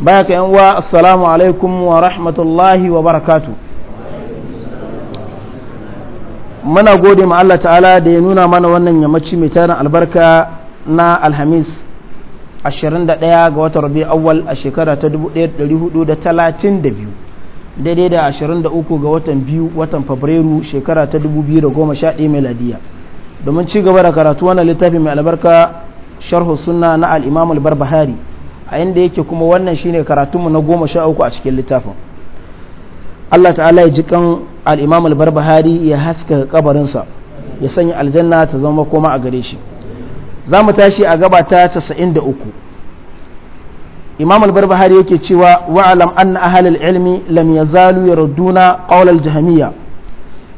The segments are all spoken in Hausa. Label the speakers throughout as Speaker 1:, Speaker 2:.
Speaker 1: baya ka yan uwa assalamu alaikum wa rahmatullahi wa barakatu muna gode ma Allah ta'ala da ya nuna mana wannan yammaci mai tarin albarka na alhamis 21 ga watan rabi awwal a shekara ta 1432 daidai da 23 ga watan biyu watan fabrairu shekara ta 2011 meladiya domin ci gaba da karatu wannan littafi mai albarka sharhu sunna na al-imam al-barbahari a inda yake kuma wannan shine karatunmu na goma sha uku a cikin littafin Allah ta'ala ya ji kan al-Imam al-Barbahari ya haska kabarinsa ya sanya aljanna ta zama koma a gare shi za mu tashi a gaba ta 93 Imam al-Barbahari yake cewa wa'alam anna al ilmi lam yazalu yarduna qawl al-jahmiyya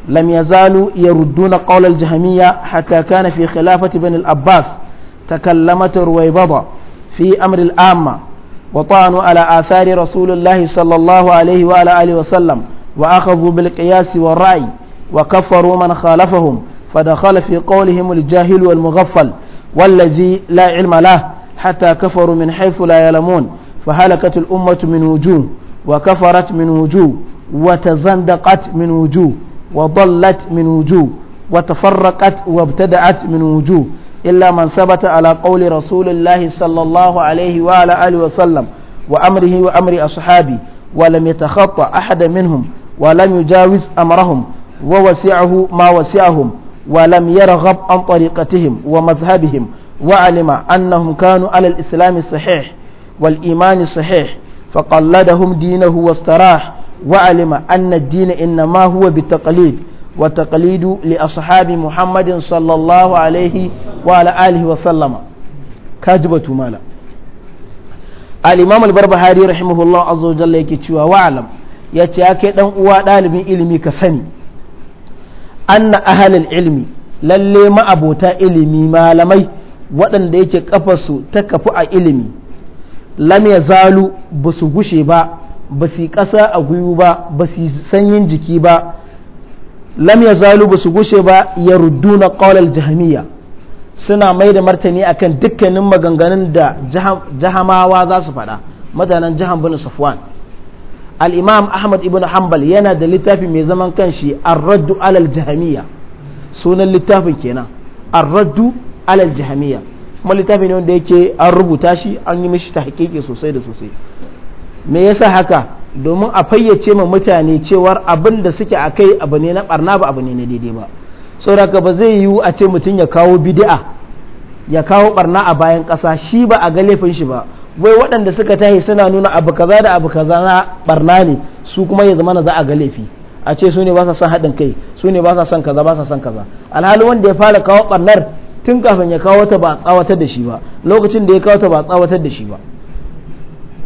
Speaker 1: lam yazalu yarduna qawl al-jahmiyya hatta kana fi khilafati bani al-Abbas takallamat ruwaybada في أمر الآمة وطعنوا على آثار رسول الله صلى الله عليه وعلى آله وسلم وأخذوا بالقياس والرأي وكفروا من خالفهم فدخل في قولهم الجاهل والمغفل والذي لا علم له حتى كفروا من حيث لا يعلمون فهلكت الأمة من وجوه وكفرت من وجوه وتزندقت من وجوه وضلت من وجوه وتفرقت وابتدعت من وجوه إلا من ثبت على قول رسول الله صلى الله عليه وعلى آله وسلم وأمره وأمر أصحابه ولم يتخطى أحد منهم ولم يجاوز أمرهم ووسعه ما وسعهم ولم يرغب عن طريقتهم ومذهبهم وعلم أنهم كانوا على الإسلام الصحيح والإيمان الصحيح فقلدهم دينه واستراح وعلم أن الدين إنما هو بالتقليد والتقليد لأصحاب محمد صلى الله عليه وعلى آله وسلم كاجبة مالا الإمام البربهاري رحمه الله عز وجل يكتشوى وعلم يتياكي دان أوا دالب علمي كسني أن أهل العلم lalle ma'abota ilimi malamai waɗanda yake kafarsu ta kafu a ilimi lam ya zalu ba su gushe ba ba su ƙasa a gwiwu ba ba su sanyin jiki ba lam ya zalu ba su gushe ba ya na qawlal jahamiya suna mai da martani akan dukkanin maganganun da jahamawa za su faɗa mutanen jahan bin safwan al-imam ahmad ibn hanbal yana da littafi mai zaman kanshi ar-raddu alal jahmiya sunan littafin kenan ar-raddu alal jahmiya kuma littafi ne wanda yake an rubuta shi an yi mishi tahqiqi sosai da sosai me yasa haka domin a fayyace ma mutane cewar abin da suke a kai abu ne na barna ba abu ne na daidai ba saboda ba zai yiwu a ce mutum ya kawo bidi'a ya kawo barna a bayan ƙasa shi ba a ga laifin shi ba wai waɗanda suka tahi suna nuna abu kaza da abu kaza na barna ne su kuma ya zama na za a ga laifi a ce su ne ba sa son haɗin kai su ne ba sa son kaza ba sa son kaza alhali wanda ya fara kawo barnar tun kafin ya kawo ta ba a tsawatar da shi ba lokacin da ya kawo ta ba a tsawatar da shi ba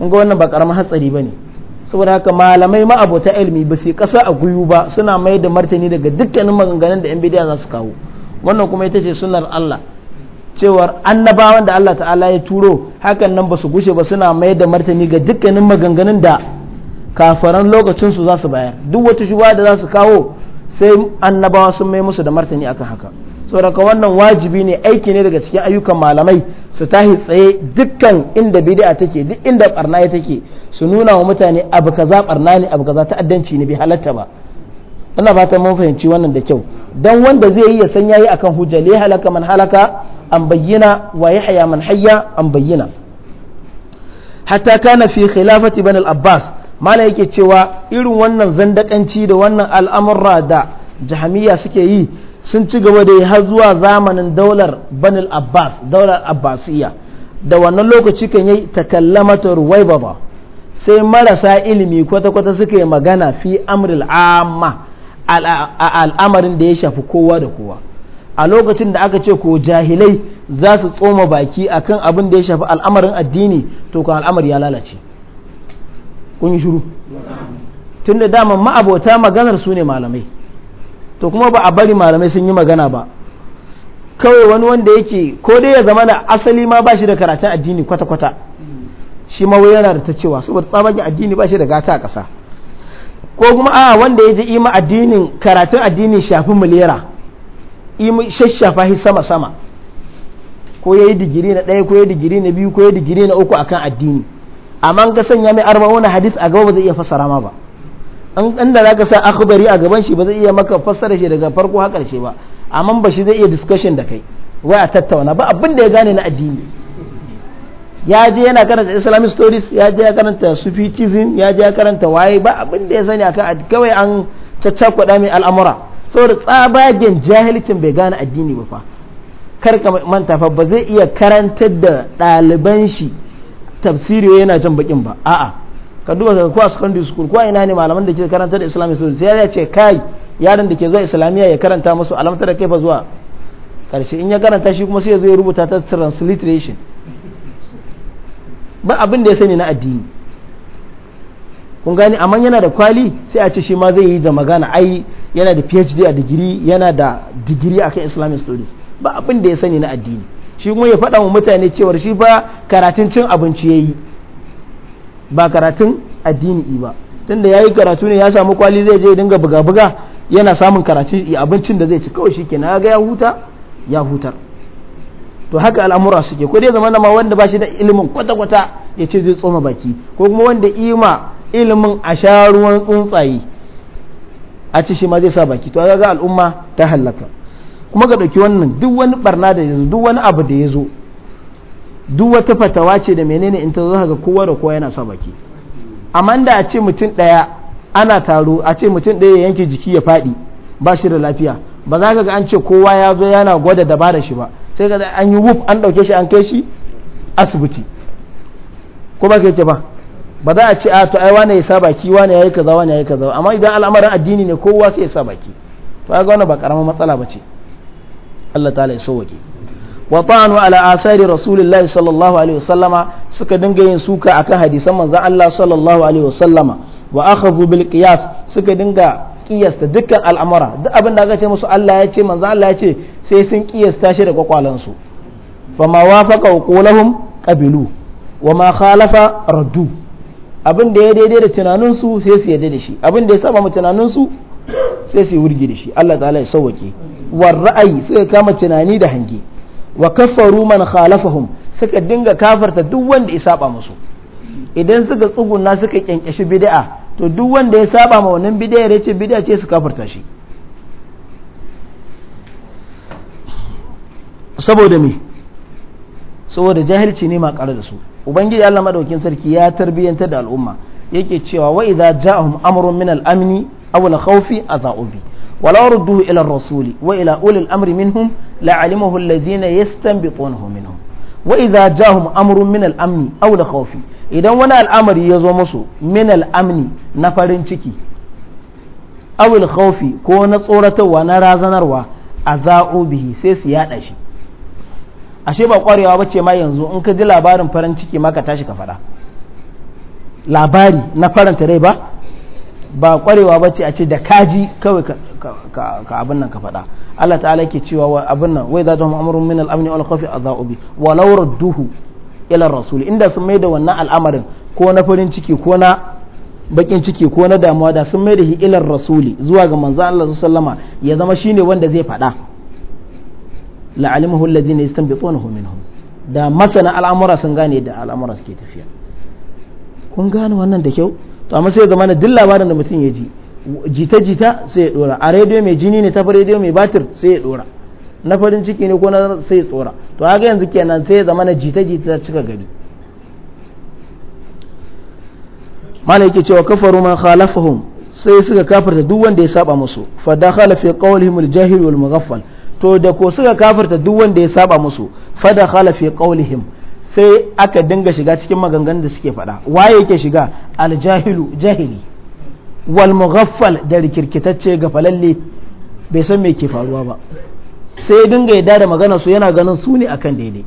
Speaker 1: in ga wannan ba ƙaramin hatsari ba ne saboda haka malamai ma abota ilimi ba su kasa a guyu ba suna mai da martani daga dukkanin maganganun da yan bidiya za su kawo wannan kuma ita ce sunar Allah cewar annabawan da Allah ta'ala ya turo hakan nan ba su gushe ba suna mai da martani ga dukkanin maganganun da kafaran lokacin su za su bayar duk wata shuba da za su kawo sai annabawa sun mai musu da martani akan haka saboda wannan wajibi ne aiki ne daga cikin ayyukan malamai su tahi tsaye dukkan inda bid'a take duk inda barna take su nuna wa mutane abu kaza barna ne abu kaza ta'addanci ne bi halatta ba ina ta mun fahimci wannan da kyau dan wanda zai yi ya san yayi akan hujja li halaka man halaka an bayyana wa yahya man hayya an bayyana hatta kana fi khilafati ibn al-abbas mala yake cewa irin wannan zandakanci da wannan al'amurra da jahamiya suke yi sun ci gaba da yi har zuwa zamanin daular banil abbas daular abbasiyya da wannan lokaci kan yi ruwaiba ba sai marasa ilimi kwata-kwata suka yi magana fi amril amma al'amarin da ya shafi kowa da kowa a lokacin da aka ce ko jahilai za su tsoma baki a kan abin da ya shafi al'amarin addini to kan al'amari ya lalace kun yi shiru tun da dama ma'abota maganar su ne malamai to kuma ba a bari malamai sun yi magana ba kawai wani wanda yake ko dai ya zama da asali ma ba shi da karatun addini kwata-kwata shi ma yana da ta cewa saboda tsabagen addini ba shi da gata a ƙasa ko kuma a wanda ya ji ima addinin karatun addini shafi miliyara ima shashafa shi sama-sama ko ya yi digiri na ɗaya ko ya yi digiri na biyu ko ya yi digiri na uku akan addini amma ka sanya mai arba wani hadis a gaba ba zai iya fassara ma ba an za ka sa akhbari a gaban shi ba zai iya maka fassara shi daga farko har karshe ba amma ba shi zai iya discussion da kai wai a tattauna ba abin da ya gane na addini ya je yana karanta islamic stories ya je ya karanta sufitism ya je ya karanta waye ba abin da ya sani akan kawai an caccakuɗa mai al'amura saboda tsabagen jahilcin bai gane addini ba fa kar ka manta fa ba zai iya karantar da ɗaliban shi tafsiri yana jan bakin ba a'a ka duba daga ko secondary school kuwa ina ne malaman da ke karanta da islamic school sai ya ce kai yaron da ke zuwa islamiyya ya karanta musu alamta da kaifa zuwa karshe in ya karanta shi kuma sai ya zo ya rubuta ta transliteration ba abin da ya sani na addini kun gani amma yana da kwali sai a ce shi ma zai yi da magana ai yana da phd a digiri yana da digiri akan islamic studies ba abin da ya sani na addini shi kuma ya faɗa wa mutane cewar shi ba karatun cin abinci ya yi ba karatun addini ba tunda ya yi karatu ne ya samu kwali zai je dinga buga-buga yana samun karatu abincin da zai ci kawai shi kenan ga ya huta ya hutar to haka al'amura suke ko dai zamana ma wanda ba shi da ilimin kwata-kwata ya ce zai tsoma baki ko kuma wanda ima ilimin a sha tsuntsaye a ci shi ma zai sa baki to ga al'umma ta hallaka kuma ga ɗauki wannan duk wani barna da ya duk wani abu da ya zo duk wata fatawa ce da menene in ta zo ga kowa da kowa yana sa baki amma da a ce mutum ɗaya ana taro a ce mutum ɗaya ya yanke jiki ya faɗi ba shi da lafiya ba za ka ga an ce kowa ya zo yana gwada dabarar shi ba sai ka an yi wuf an ɗauke shi an kai shi asibiti ko ba ka ba ba za a ce a to ai wane ya sa baki wane ya yi kaza wane ya yi kaza amma idan al'amarin addini ne kowa sai ya sa baki to ga wani ba karamar matsala ba ce Allah ta'ala ya sauwake wa ta'anu ala athari rasulillahi sallallahu alaihi wasallama suka dinga yin suka akan hadisan manza Allah sallallahu alaihi wasallama wa akhadhu bil qiyas suka dinga kiyasta dukkan al'amura duk abin da aka ce musu Allah ya ce manzon Allah ya ce sai sun kiyasta shi da kwakwalansu. su fama wafaqa qulahum qabilu wa ma khalafa raddu abin da ya daidai da tunanin sai su yarda da shi abin da ya saba mu tunanin sai su yi wurgi da shi Allah ta'ala ya sauwake war ra'ayi suka kama tunani da hange wa kaffaru man khalafahum suka dinga kafarta duk wanda ya saba musu idan suka tsuguna suka kyankyashi bid'a to duk wanda ya saba ma wannan bid'a ya ce bid'a ce su kafarta shi saboda me saboda jahilci ne ma da su ubangiji Allah madaukin sarki ya tarbiyantar da al'umma yake cewa wa idza ja'ahum amrun min al-amni aw al-khawfi adha'u bi wa la rudduhu ila ar-rasuli wa ila ulil amri minhum لعلمه الذين يستنبطونه منهم وإذا جاءهم أمر من الأمن أو الخوف إذا وانا الأمر يزو مسو من الأمن نفرن تكي أو الخوف كون صورة وانا رازنروا أذاؤوا به سيس يادشي ashe ba kwarewa bace ma yanzu in ka ji labarin farin ciki ma ka tashi ka fada labari na faranta rai ba ba kwarewa ba ce a ce da kaji kawai ka abin nan ka faɗa Allah ta'ala ke cewa wa abin nan wai za ta min al-amn wal khawf adha'u wa lawar duhu ila rasul inda sun maida wannan al'amarin ko na farin ciki ko na bakin ciki ko na damuwa da sun maida shi ila rasuli zuwa ga manzo Allah sallama ya zama shine wanda zai faɗa la'alimahu alladhina yastanbitunahu minhum da masana al'amura sun gane da al'amura suke tafiya kun gane wannan da kyau to amma sai zama na duk labarin da mutum ya ji jita-jita sai ya dora a rediyo mai jini ne ta rediyo mai batir sai ya dora na farin ciki ne ko na sai ya tsora to haka yanzu kenan sai ya zama na jita-jita ta cika gari mala yake cewa kafaru man khalafahum sai suka kafarta duk wanda ya saba musu fa dakhala fi qawlihim al-jahil to da ko suka kafarta duk wanda ya saba musu fa dakhala fi qawlihim sai aka dinga shiga cikin maganganun da suke faɗa waye yake shiga aljahilu jahili wal mughaffal da rikirkitacce ga falalle bai san me ke faruwa ba sai dinga yadda da magana su yana ganin su ne akan daidai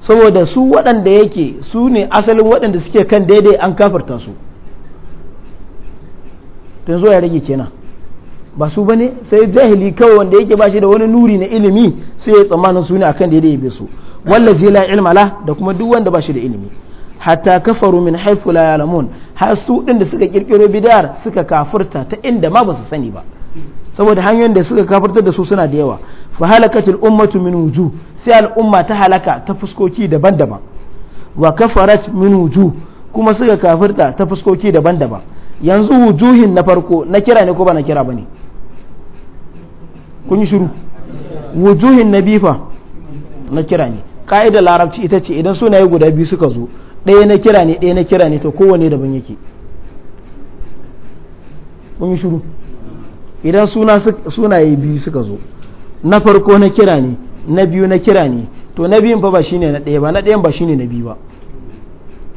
Speaker 1: saboda su waɗanda yake su ne asalin waɗanda suke kan daidai an kafarta su tun zuwa ya rage kenan ba su bane sai jahili kawai wanda yake ba shi da wani nuri na ilimi sai ya tsammanin su ne akan daidai ya bi su zai la ilma la da kuma duk wanda ba shi da ilimi hatta kafaru min haifu la yalamun har su din da suka kirkiro bid'ar suka kafurta ta inda ma ba su sani ba saboda hanyoyin da suka kafurtar da su suna da yawa fa halakatil ummatu min wuju sai al'umma ta halaka ta fuskoki daban-daban wa kafarat min wuju kuma suka kafurta ta fuskoki daban-daban yanzu wujuhin na farko na kira ne ko ba na kira bane kun yi shiru wujuhin na bifa na kira ne ka'ida larabci ita ce idan sunaye guda biyu suka zo ɗaya na kira ne ɗaya na kira ne to kowane daban yake kun yi shuru idan suna sunaye biyu suka zo na farko na kira ne na biyu na kira ne to na biyun fa ba shine na ɗaya ba na ɗayan ba shine na biyu ba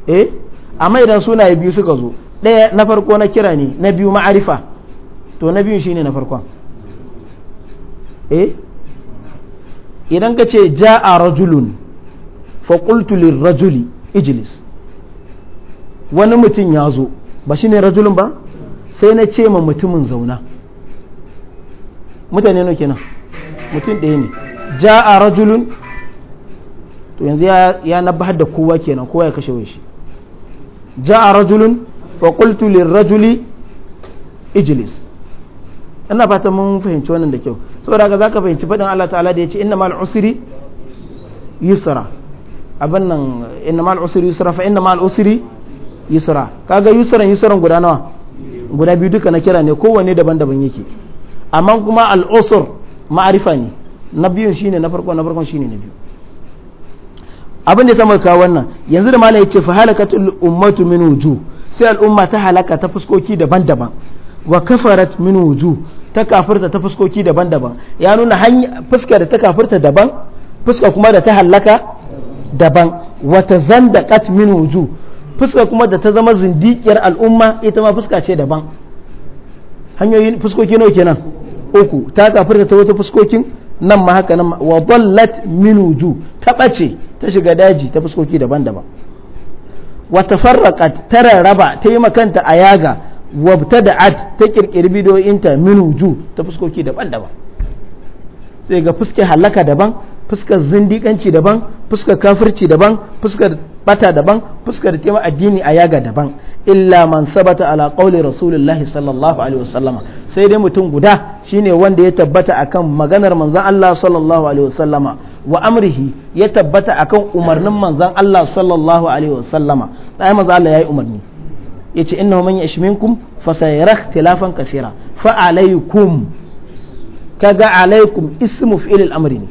Speaker 1: eh amma idan sunaye biyu suka zo ɗaya na farko na kira ne na biyu ma'arifa to na biyun shine na farkon eh idan ka ce a rajulun fa rajuli ijilis wani mutum ya zo ba shi ne rajulun ba sai na ce ma mutumin zauna mutane nawa kenan mutum ɗaya ne a rajulun to yanzu ya nabahar da kowa kenan kowa ya kashe wai shi a rajulun fa rajuli ijilis ina fata mun fahimci wannan da kyau saboda ga zaka fahimci fadin Allah ta'ala da yace innamal usri yusra abin nan innamal usri yusra fa innamal usri yusra kaga yusran yusran guda nawa guda biyu duka na kira ne kowanne daban-daban yake amma kuma al-usr ma'arifa ne na biyun shine na farko na farkon shine na biyu abin da ya samu kawo wannan yanzu da malai yace fa halakatul ummatu min wuju sai al'umma ta halaka ta fuskoki daban-daban wa kafarat min wuju ta kafirta ta fuskoki daban-daban ya nuna fuska da ta kafirta daban fuska kuma da ta hallaka daban wata kat min wuju fuska kuma da ta zama zindikiyar al'umma ita ma fuska ce daban hanyoyin fuskoki nawa kenan uku ta kafirta ta wata fuskokin nan ma haka nan wa dallat min wuju ta bace ta shiga daji ta fuskoki daban-daban wata tafarraqat tararaba rarraba ta yi makanta a yaga ad ta kirkiri bidoyinta min wuju ta fuskoki daban-daban sai ga fuskar halaka daban fuskar zindikanci daban fuskar kafirci daban fuskar bata daban fuskar kima addini a yaga daban illa man sabata ala qawli rasulullahi sallallahu alaihi wasallama sai dai mutum guda shine wanda ya tabbata akan maganar manzon Allah sallallahu alaihi wasallama wa amrihi ya tabbata akan umarnin manzon Allah sallallahu alaihi wasallama dai manzon Allah yayi umarni yace innahu man yash minkum sayara ikhtilafan kathira fa alaykum kaga alaykum ismu fi'il al-amr ne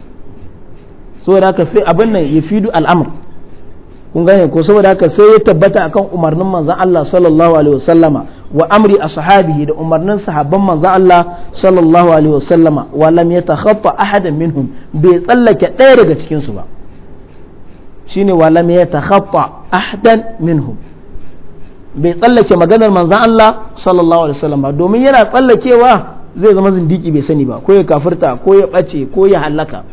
Speaker 1: saboda haka sai abin nan yafidu al-amr kun gane ko saboda haka sai ya tabbata akan umarnin manzon Allah sallallahu alaihi wasallama wa amri ashabihi da umarnin sahabban manzon Allah sallallahu alaihi wasallama wa lam yatakhatta ahadan minhum bai tsallake ɗaya daga cikin su ba shine wa lam yatakhatta ahadan minhum bai tsallake maganar manzan Allah sallallahu alaihi wasallam ba domin yana tsallakewa zai zama zindiki bai sani ba ko ya kafurta ko ya bace ko ya halaka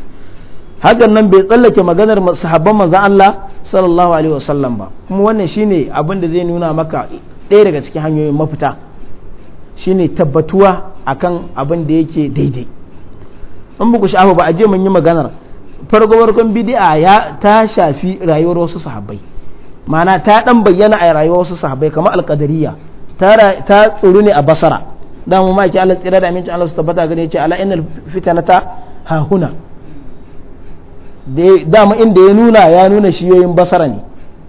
Speaker 1: hakan nan bai tsallake maganar sahabban manzan Allah sallallahu alaihi wasallam ba kuma wannan shine abin da zai nuna maka ɗaya daga cikin hanyoyin mafita shine tabbatuwa akan abin da yake daidai in ba ba a je mun yi maganar farko farkon ya ta shafi rayuwar wasu sahabbai ma'ana ta dan bayyana a rayuwar wasu sahabbai kamar alqadariya ta tsuru ne a basara da mu ma ki Allah tsira da aminci Allah su tabbata gane ce ala innal fitanata ha huna da mu inda ya nuna ya nuna shiyoyin basara ne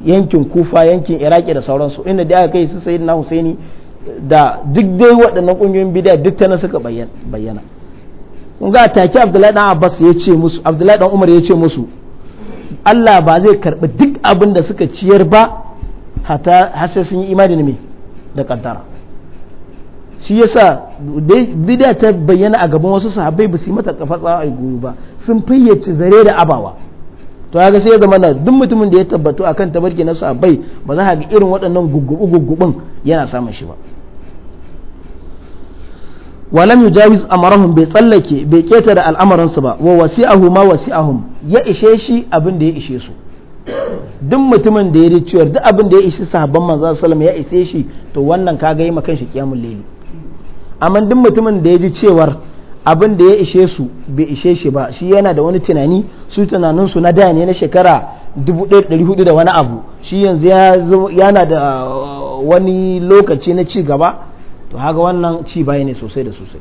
Speaker 1: yankin kufa yankin iraki da sauransu inda da aka kai su sayyidina husaini da duk dai waɗannan ƙungiyoyin bid'a duk ta suka bayyana kun ga take Abdullahi dan Abbas ya ce musu Abdullahi dan Umar ya ce musu Allah ba zai karɓi duk abin da suka ciyar ba har sai sun yi imani ne da kaddara shi yasa bida ta bayyana a gaban wasu sahabbai ba su yi mata kafa tsawa goyo ba sun fayyace zare da abawa to ya ga sai ya zama na duk mutumin da ya tabbatu akan tabarki na sahabbai ba za ka ga irin waɗannan guggubu guggubun yana samun shi ba walam yujawiz amarahum bai tsallake bai keta da al'amarin su ba wa wasi'ahu ma wasi'ahum ya ishe shi abin da ya ishe su duk mutumin da ya yi ciwar duk abin da ya ishe sahabban manzo sallam ya ishe shi to wannan ka ga yi makan shi kiyamul layli amma duk mutumin da ya ji cewar abin da ya ishe su bai ishe shi ba shi yana da wani tunani su tunanin su na da ne na shekara 1400 da wani abu shi yanzu yana da uh, wani lokaci na ci gaba to haka wannan ci baya ne sosai da sosai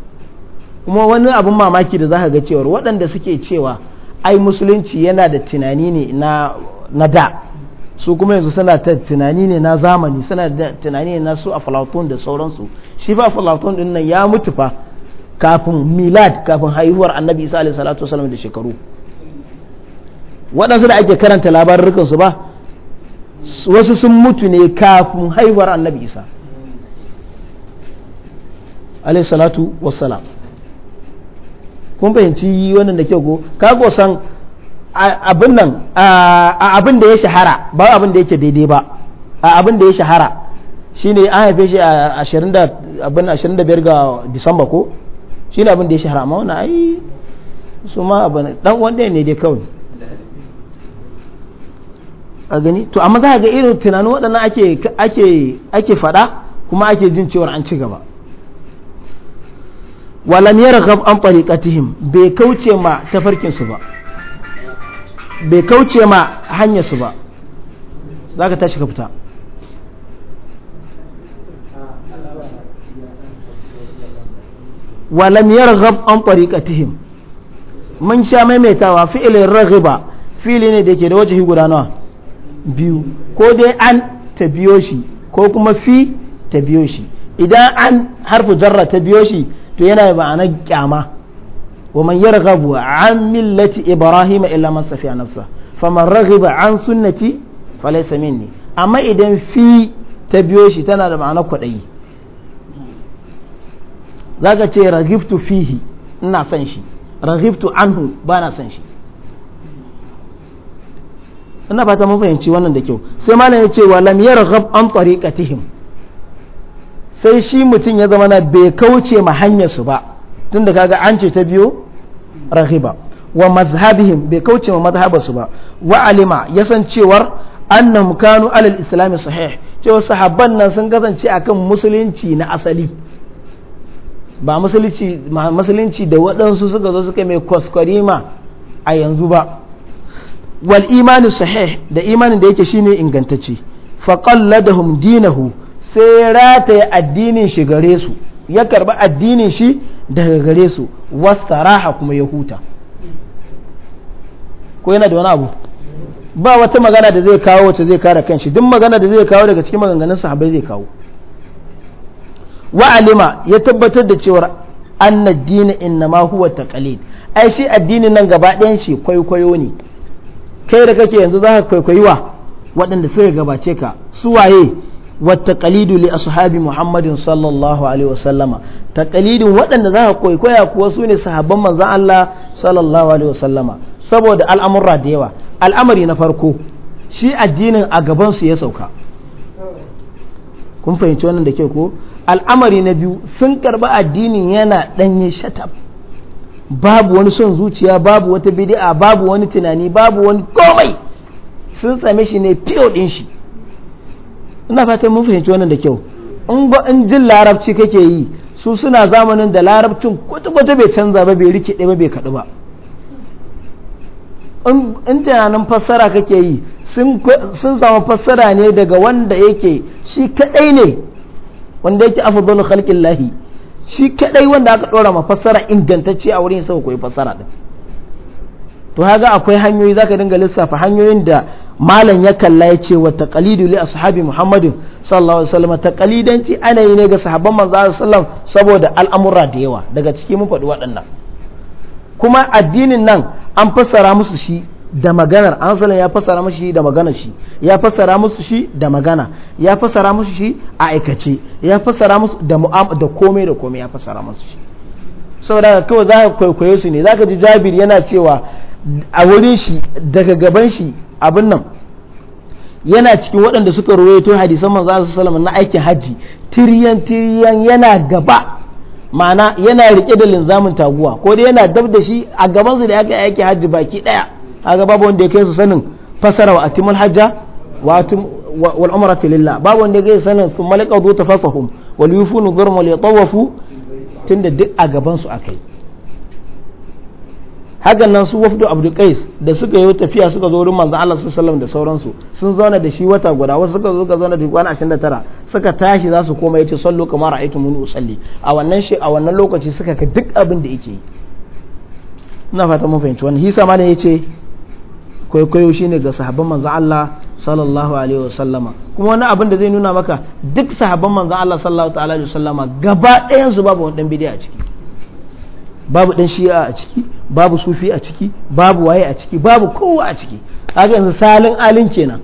Speaker 1: kuma wani abin mamaki da za ka ga cewar waɗanda suke cewa ai musulunci yana da tunani ne na da su kuma yanzu suna ta tunani ne na zamani suna da tunani ne na su a Platon da sauransu shi fa Platon din nan ya mutu fa kafin milad kafin haihuwar annabi isa alaihi salatu wasallam da shekaru waɗansu da ake karanta labarurkan su ba wasu sun mutu ne kafin haihuwar annabi isa alaihi salatu wassalam kun fahimci wannan da ke ko kago san abin nan a abin da ya shahara ba abin da yake daidai ba a abin da ya shahara shine an haife shi a 25 ga Disamba ko shine abin da ya shahara amma wannan ai su ma abin dan wanda ne dai kawai a gani to amma za ga irin tunanin waɗannan ake fada faɗa kuma ake jin cewar an ci gaba walam yarghab an tariqatihim bai kauce ma tafarkin su ba bai kauce ma hanyar su ba zaka tashi ka fita walam yarghab an tariqatihim mun sha maimaitawa fi'ilin raghiba fili ne da ke da wajahi guda nawa biyu ko dai an ta biyo shi ko kuma fi ta biyo shi idan an harfu jarra ta biyo shi to yana ba'ana kyama wa man yarghabu an millati ibrahim illa man safiya nafsa faman raghiba an sunnati falaysa minni amma idan fi ta biyo shi tana da ma'ana kwadayi zaka ce raghibtu fihi ina san shi raghibtu anhu ba na shi ina fata mun fahimci wannan da kyau sai malam ya ce wa lam yarghab an tariqatihim sai shi mutum ya zama na bai kauce ma hanyarsu ba tun da kaga an ce ta biyo rahiba wa mazhabihim bai kauce ma mazhabarsu ba wa alima ya san cewar annam kanu alal islami sahih cewa sahabban nan sun kasance akan musulunci na asali ba musulunci da waɗansu suka zo suka mai kwaskwarima a yanzu ba wal imani sahih da imanin da yake shine ingantacce qalladahum dinahu sai ya rataya addinin shi gare su ya karba addinin shi daga gare su wasaraha kuma ya huta ko yana da wani abu ba wata magana da zai kawo wacce zai kare kanshi duk magana da zai kawo daga cikin maganganun sahabbai zai kawo wa'alima ya tabbatar da cewar anna dini innama huwa taqlid ai shi addinin nan gaba ɗayan shi kwaikwayo ne kai da kake yanzu zaka kwaikwayi wa waɗanda suka gabace ka su waye wata kalidu li ashabi muhammadin sallallahu alaihi wasallama za ka koi koya kuwa su ne sahabban manzan Allah sallallahu saboda al’amurra da yawa al’amari na farko shi addinin a gabansu ya sauka kun fahimci wannan da ke ko al’amari na biyu sun karba addinin yana ɗanye shatab babu wani son zuciya babu wata bidi'a babu wani tunani babu wani komai sun same shi ne fiye shi ina fatan mun fahimci wannan da kyau in jin larabci kake yi su suna zamanin da larabcin kwata-kwata bai canza ba bai rike ba bai kaɗu ba in tunanin fassara kake yi sun samu fassara ne daga wanda yake shi kaɗai ne wanda yake afadalu halkin lahi shi kaɗai wanda aka ɗora ma fassara ingantacce a wurin sauka koyi fassara ɗin to haga akwai hanyoyi za ka dinga lissafa hanyoyin da malam ya kalla ya ce wata kalidu li ashabi muhammadin sallallahu alaihi wasallam kalidanci ana yi ne ga sahabban manzo sallallahu alaihi wasallam saboda al'amura da yawa daga ciki mun faɗi waɗannan kuma addinin nan an fassara musu shi da maganar an sallan ya fassara musu shi da maganar shi ya fassara musu shi da magana ya fassara musu shi a aikace ya fassara musu da mu'amala da komai da komai ya fassara musu shi saboda kawai za ka kwaikwayo su ne za ka ji jabir yana cewa a wurin shi daga gaban shi abin nan yana cikin waɗanda suka ruwaito hadisan manzo sallallahu na aikin hajji tiriyan tiriyan yana gaba ma'ana yana rike da linzamin taguwa ko dai yana dab da shi a gaban su da aka aiki hajji baki daya a gaba babu wanda ya kai su sanin fasara wa atimul hajja wa atim wal umrata lillah babu wanda ya sanin thumma laqadu tafasahum wal yufunu dhurma li tawafu tunda duk a gaban su akai hakan nan su wafdu abdul qais da suka yi tafiya suka zo wurin manzo Allah sallallahu da sauransu sun zauna da shi wata guda wasu suka zo suka zauna da kwana 29 suka tashi za su koma yace sallu kama mun usalli a wannan shi a wannan lokaci suka ka duk abin da yake ina fata mun fahimci wannan hisa ma ne yace kwaikwayo shine ga sahabban manzo Allah sallallahu alaihi wasallama kuma wani abin da zai nuna maka duk sahabban manzo Allah sallallahu alaihi wasallama gaba ɗayan su babu wani dan bidiya a ciki babu dan shi'a a ciki babu sufi a ciki babu waye a ciki babu kowa a ciki kaga yanzu salin alin kenan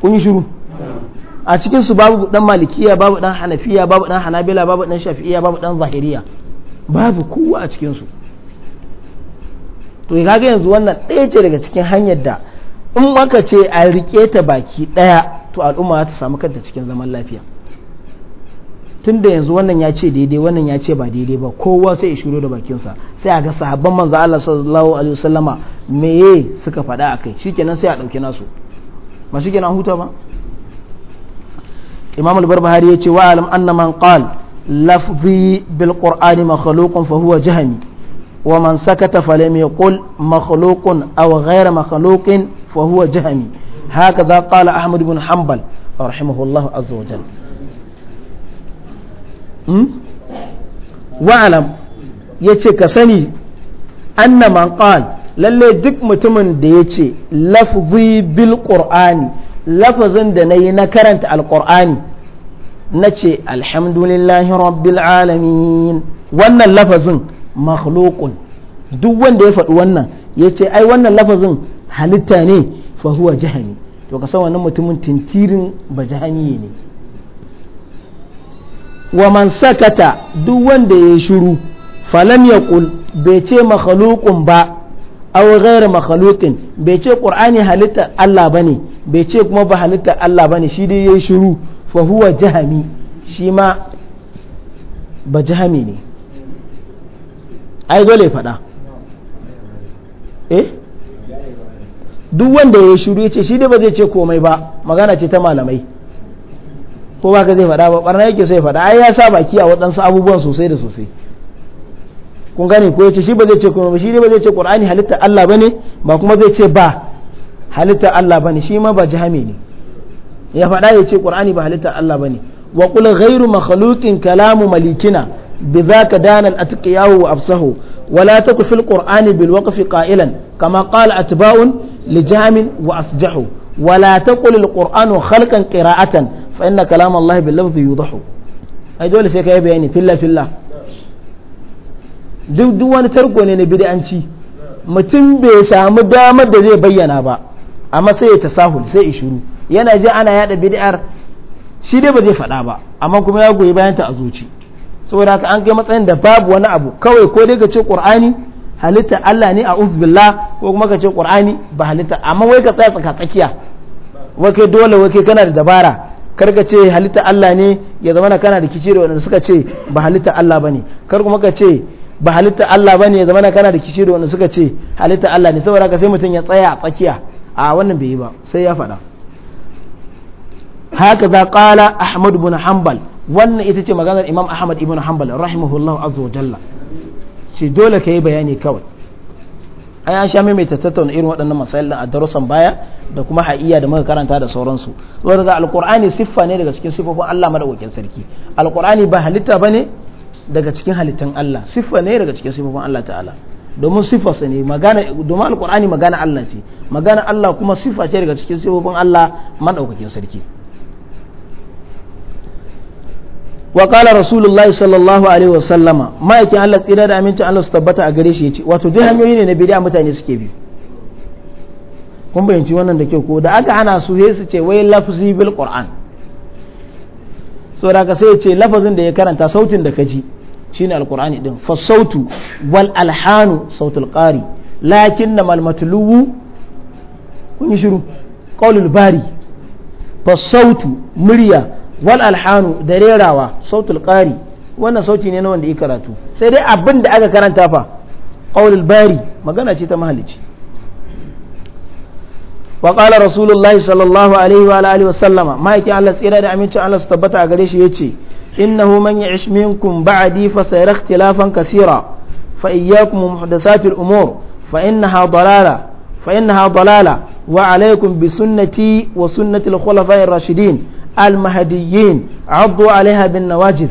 Speaker 1: kun yi shiru a cikin su babu dan malikiya babu dan hanafiya babu dan hanabila babu dan shafi'iya babu dan zahiriya babu kowa a cikin su to kaga yanzu wannan ɗaya ce daga cikin hanyar da in maka ce a rike ta baki ɗaya to al'umma ta samu kanta cikin zaman lafiya tun da yanzu wannan ya ce daidai wannan ya ce ba daidai ba kowa sai ya shiru da bakinsa sai a ga sahabban manzo Allah sallallahu alaihi wasallama meye suka faɗa a akai shikenan sai a ɗauki nasu ba shikenan huta ba imam al-barbahari ya ce wa alam anna man qala lafzi bil qur'ani makhluqun fa huwa jahmi wa man sakata lam yaqul makhluqun aw ghayra makhluqin fa huwa jahmi هكذا قال أحمد بن حنبل رحمه الله عز وجل Hmm? wa'alam ya ce ka sani anna man qal lalle duk mutumin da ya ce lafzi bil qur'ani lafazin da na yi na karanta alqur'ani na ce alhamdulillahi rabbil alamin wannan lafazin makhluqun duk wanda ya faɗi wannan ya ce ai wannan lafazin halitta ne fa huwa jahani to ka san wannan mutumin tintirin ba jahani ne wa man sakata duk wanda ya shiru falam kul bai ce makhluqun ba aw ghairu makhluqin bai ce qur'ani halitta Allah bane bai ce kuma ba halitta Allah bane shi dai ya shiru fa huwa jahami shi ma ba jahami ne ai dole fada eh duk wanda ya shiru ya ce shi dai ba zai ce komai ba magana ce ta malamai ko ba ka zai faɗa ba barna yake so ya faɗa ai ya sa baki a waɗansu abubuwan sosai da sosai kun gani ko ya ce shi ba zai ce kuma shi ne ba zai ce qur'ani halitta Allah ba ne ba kuma zai ce ba halitta Allah ba ne shi ma ba jihami ne ya faɗa ya ce qur'ani ba halitta Allah bane wa qul ghairu makhluqin kalamu malikina bidhaka dana al-atqiyahu wa afsahu wa la taku fil qur'ani bil waqfi qailan kama qala atba'un li jahmin wa asjahu wa la taqul al-qur'anu khalqan qira'atan fa inna kalam Allah bil lafzi yudahu ai dole sai kai bayani filla filla duk duk wani tarko ne na bid'anci mutum bai samu damar da zai bayyana ba amma sai ya tasahul sai ya shiru yana ji ana yada bid'ar shi ba zai faɗa ba amma kuma ya goyi bayan ta a zuci saboda haka an kai matsayin da babu wani abu kawai ko dai ka ce qur'ani halitta Allah ne a billah ko kuma ka ce qur'ani ba halitta amma wai ka tsaya tsaka tsakiya wai kai dole wai kai kana da dabara karka ce halitta Allah ne ya zama kana rikici da wanda suka ce ba halitta Allah bane kar kuma ka ce ba halitta Allah bane ya zama kana rikici da wanda suka ce halitta Allah ne saboda haka sai mutum ya tsaya a tsakiya a wannan bai yi ba sai ya faɗa haka za qala Ahmad ibn Hanbal wannan ita ce maganar Imam Ahmad ibn Hanbal rahimahullahu azza wa jalla ce dole ka yi bayani kawai ai an sha maimaita tattauna irin waɗannan da a darussan baya da kuma ha'iya da muka karanta da sauransu saboda daga alƙur'ani siffa ne daga cikin siffofin Allah madaukakin sarki alƙur'ani ba halitta bane daga cikin halittan Allah siffa ne daga cikin siffofin Allah ta'ala domin siffa ne magana domin alƙur'ani magana Allah ce magana Allah kuma siffa ce daga cikin siffofin Allah madaukakin sarki wa qala rasulullahi sallallahu alaihi wasallama ma'aikin Allah tsira da amincin Allah su tabbata a gare shi yace wato duk hanyoyi ne na bid'a mutane suke bi kun bayanci wannan da kyau ko da aka hana su sai su ce wai lafzi bil qur'an saboda ka sai ya ce lafazin da ya karanta sautin da ka ji shine alqur'ani din fa sautu wal alhanu sautul qari lakin mal matlubu kun yi shiru qaulul bari fa sautu murya wal alhanu da rerawa sautul qari wannan sauti ne na wanda ya karatu sai dai abin da aka karanta fa qaulul bari magana ce ta mahalici wa qala rasulullahi sallallahu alaihi wa alihi wa sallama Allah tsira da amincin Allah su tabbata a gare shi yace innahu man ya'ish minkum ba'di fa sayara ikhtilafan kaseera fa iyyakum muhdathatil umur fa innaha dalala fa innaha dalala wa alaikum bi sunnati wa sunnati al-khulafa'ir rashidin المهديين عضوا عليها بالنواجذ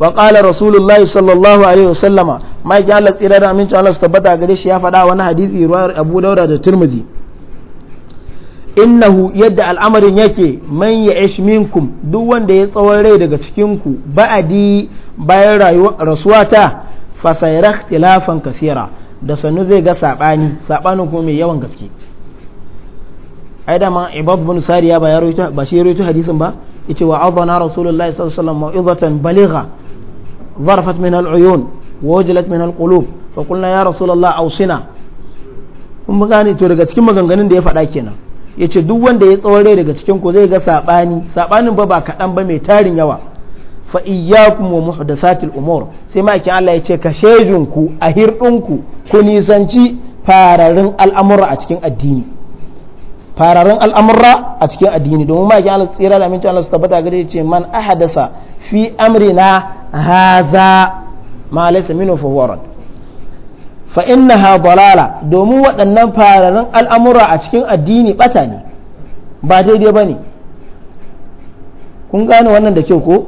Speaker 1: وقال رسول الله صلى الله عليه وسلم ما جعل لك إلى رأمين تعالى استبدأ قريش يا فدا وانا حديثي رواه أبو داود الترمذي innahu yadda al'amarin yake man ya kum duk wanda ya tsawon rai daga cikin ku ba'adi bayan rasuwata fasayar ikhtilafan kasira da sannu zai ga saɓani saɓanin kuma mai yawan gaske ai dama ibad bin sariya ba ya rawaito ba shi rawaito hadisin ba yace wa adana rasulullahi sallallahu alaihi wasallam mau'izatan baligha zarfat min al'uyun uyun min al fa qulna ya rasulullah awsina kun ba gane to daga cikin maganganun da ya faɗa kenan yace duk wanda ya tsore daga cikin ku zai ga sabani sabanin ba ba kaɗan ba mai tarin yawa fa iyyakum wa muhdathatil umur sai ma kin Allah yace ka shejunku a hirdinku ku nisanci fararin al'amura a cikin addini fararen al'amurra a cikin addini domin ma Allah tsira da amincin Allah su tabbata gare ce man ahadasa fi amri na haza ma laysa minhu fa huwa fa innaha dalala domin waɗannan fararen al'amura a cikin addini bata ne ba daidai ba ne. kun gane wannan da kyau ko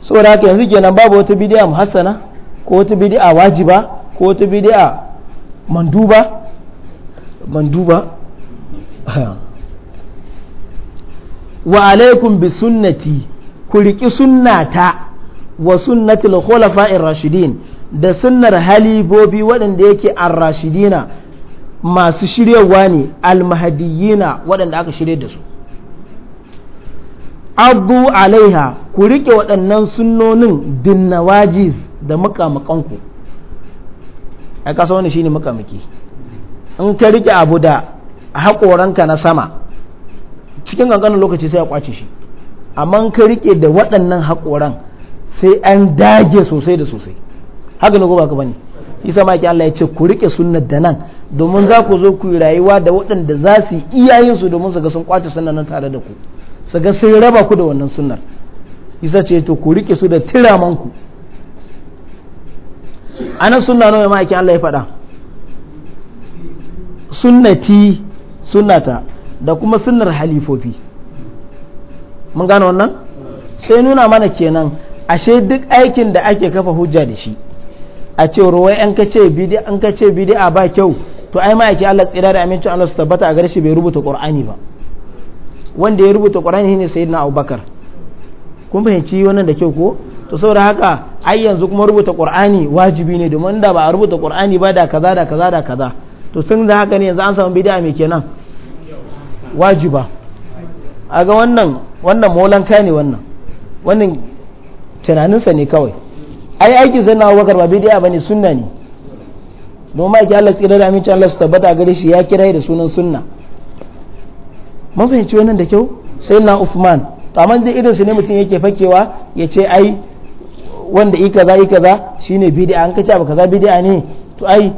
Speaker 1: saboda haka yanzu kenan babu wata bidiya muhassana ko wata bid'a wajiba ko wata bid'a manduba manduba wa alaikum bi sunnati ku riƙi sunnata wa sunnatul khulafa'ir rashidin da sunnar halibobi waɗanda yake ar-rashidina masu shiryawa ne al-mahdiyina waɗanda aka shirye da su abdu alaiha ku riƙe waɗannan sunnonin dinnawajiz da makamakanku ai wani shine in ka riƙe abu da a haƙoranka na sama cikin ƙanƙanin lokaci sai a ƙwace shi amma ka riƙe da waɗannan haƙoran sai an dage sosai da sosai haka ne ba ka bane isa maki Allah ya ce ku riƙe sunnar da nan domin za ku zo ku yi rayuwa da waɗanda za su yi yin su domin su ga sun ƙwace sunnar nan tare da ku su ga sun raba ku da wannan sunnar isa ce to ku riƙe su da tiramanku anan sunna nawa maki Allah ya faɗa sunnati sunnata da kuma sunnar halifofi mun gane wannan sai nuna mana kenan ashe duk aikin da ake kafa hujja da shi a ce ruwai an kace bidi an kace bidi a ba kyau to ai ma yake Allah tsira da amincin Allah su tabbata a gare shi bai rubuta Qur'ani ba wanda ya rubuta Qur'ani shine Sayyidina Abubakar kun fahimci wannan da kyau ko to saboda haka ai yanzu kuma rubuta Qur'ani wajibi ne domin da ba a rubuta Qur'ani ba da kaza da kaza da kaza to sun da haka ne yanzu an samu bid'a mai kenan wajiba a ga wannan wannan ka ne wannan wannan tunaninsa ne kawai ai aikin sai na abubakar ba bid'a bane sunna ne don ma ki Allah tsira da aminci Allah su tabbata gare shi ya kira da sunan sunna mun fahimci wannan da kyau sai na Uthman to amma da irin su ne mutum yake fakewa ya ce ai wanda i kaza i kaza shine bid'a an kace ba kaza bid'a ne to ai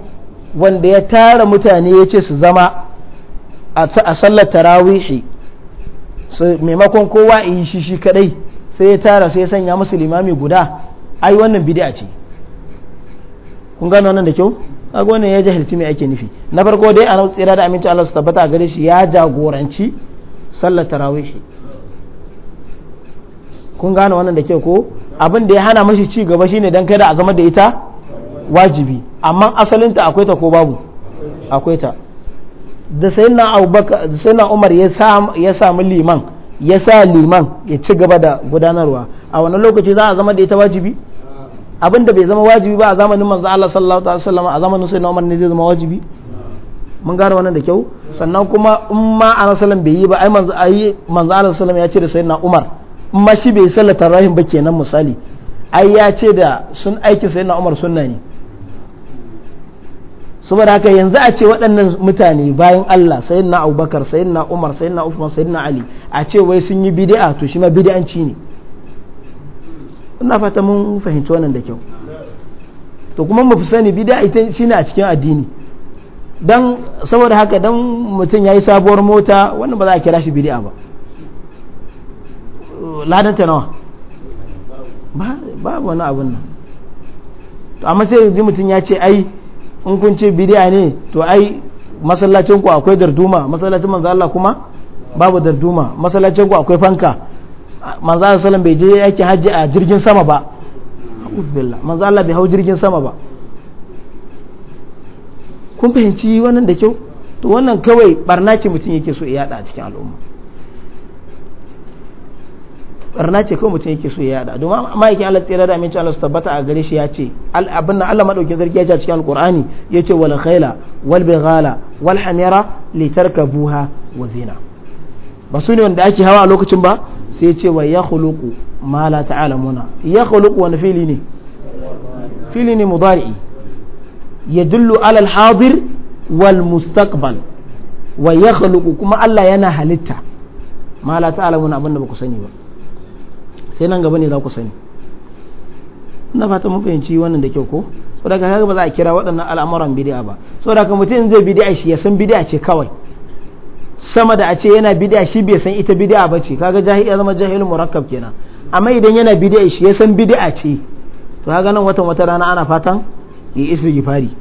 Speaker 1: wanda ya tara mutane ya ce su zama a sallar tarawihi maimakon kowa yi shi shi kadai sai ya tara sai ya sanya musu limami guda ai wannan bid'a ce kun gano wannan da kyau kaga wannan ya jahilci me ake nufi na farko dai annabi tsira da aminci Allah su tabbata a gare shi ya jagoranci sallar tarawihi kun gano wannan da kyau ko abin da ya hana mashi ci gaba shine dan kada a zama da ita wajibi amma asalinta akwai ta ko babu akwai ta da na abubakar da na umar ya samu liman ya sa liman ya ci gaba da gudanarwa a wani lokaci za a zama da ita wajibi abin da bai zama wajibi ba a zamanin manzo Allah sallallahu alaihi wasallam a zamanin na umar ne zai zama wajibi mun gane wannan da kyau sannan kuma in ma a sallam bai yi ba ai manzo ayi manzo Allah sallallahu ya ce da na umar in ma shi bai sallata rahim ba kenan misali ai ya ce da sun aiki na umar sunna ne saboda haka yanzu a ce waɗannan mutane bayan Allah na Abubakar na Umar na Uthman na Ali a ce wai sun yi bid'a to shi ma bid'anci ne ina fata mun fahimci wannan da kyau to kuma mu fi sani bid'a ita shine a cikin addini dan saboda haka dan mutum yayi sabuwar mota wannan ba za a kira shi bid'a ba ladan ta nawa ba ba wani abun nan to amma sai ji mutum ya ce ai in kun ce bidiya ne to ai masallacin ku akwai darduma masallacin manzo Allah kuma babu darduma masallacin ku akwai fanka manzo Allah sallallahu bai je yake haji a jirgin sama ba billah manzo Allah bai hau jirgin sama ba kun fahimci wannan da kyau to wannan kawai barna ce mutum yake so ya yada a cikin al'umma barna ce kawai mutum yake so ya yada domin ma'aikin Allah tsira da aminci Allah su tabbata a gare shi ya ce abin nan Allah madaukin sarki ya ce a cikin alqur'ani ya ce wal khaila wal bighala wal hamira litarkabuha wa zina ba su ne wanda ake hawa a lokacin ba sai ce wa ya khuluqu ma la ta'lamuna ya khuluqu wani fili ne fili ne mudari'i yadullu ala al hadir wal mustaqbal wa ya khuluqu kuma Allah yana halitta ma la ta'lamuna abin da ba ku sani ba sai nan gaba ne za ku sani na fata mun fahimci wannan da kyau ko saboda kaga ba za a kira waɗannan al'amuran bid'a ba saboda ka mutum zai bid'a shi ya san bid'a ce kawai sama da a ce yana bid'a shi bai san ita bid'a ba ce kaga jahil ya zama jahil murakkab kenan amma idan yana bid'a shi ya san bid'a ce to kaga nan watan wata rana ana fatan ya isri gifari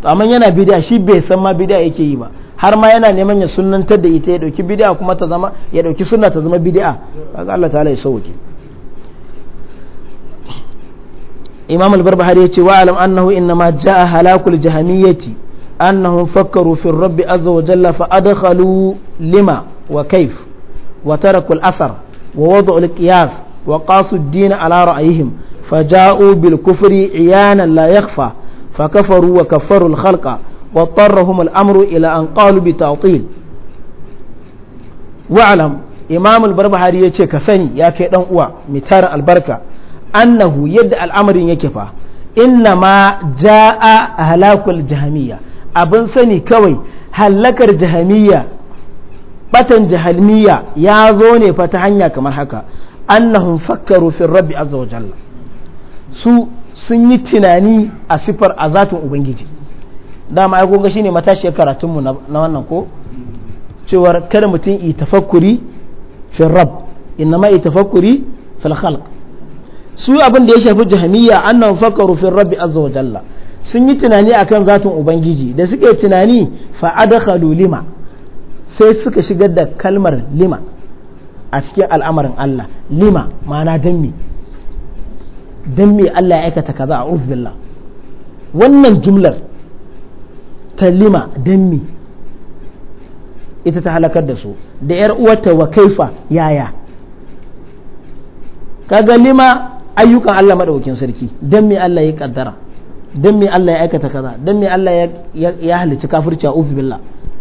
Speaker 1: to amma yana bid'a shi bai san ma bid'a yake yi ba har ma yana neman ya sunnantar da ita ya dauki bid'a kuma ta zama ya dauki sunna ta zama bid'a kaga Allah ta'ala ya sauke Imam al-Barbahari yace wa alam annahu innama jaa halakul jahamiyyati annahum fakkaru fi rabbi azza wa jalla fa adkhalu lima wa kayf wa taraku al-athar wa wada'u al-qiyas wa qasu ad-din ala ra'yihim فجاءوا بالكفر عيانا لا يخفى فكفروا وكفروا واضطرهم الأمر إلى أن قالوا بتعطيل واعلم إمام البربهاري يتي كسني يا كي دان أوا متار البركة أنه يد الأمر يكفى إنما جاء هلاك الجهمية أبن سني كوي هلكر جهمية batan jahalmiya ya zo ne fa ta hanya kamar haka annahum fakkaru fi rabbi azza wa jalla su sun yi tunani a sifar azatin ubangiji dama ai kun ga shine matashiyar karatun mu na wannan ko cewar kada mutum yi tafakkuri fi rabb ma yi tafakkuri fil khalq su abin da ya shafi jahmiya annan fakaru fi rabbi azza wa jalla sun yi tunani akan zatin ubangiji da suke tunani fa adkhalu lima sai suka shigar da kalmar lima a cikin al'amarin Allah lima ma'ana dan me Allah ya aikata kaza a billah wannan jumlar talima lima mi ita ta halakar da su da ‘yar uwarta wa kaifa yaya kaga lima ayyukan Allah maɗaukin sarki danmi mi Allah ya kaddara danmi mi Allah ya aikata kaza danmi mi Allah ya halicci kafirci a ufi billah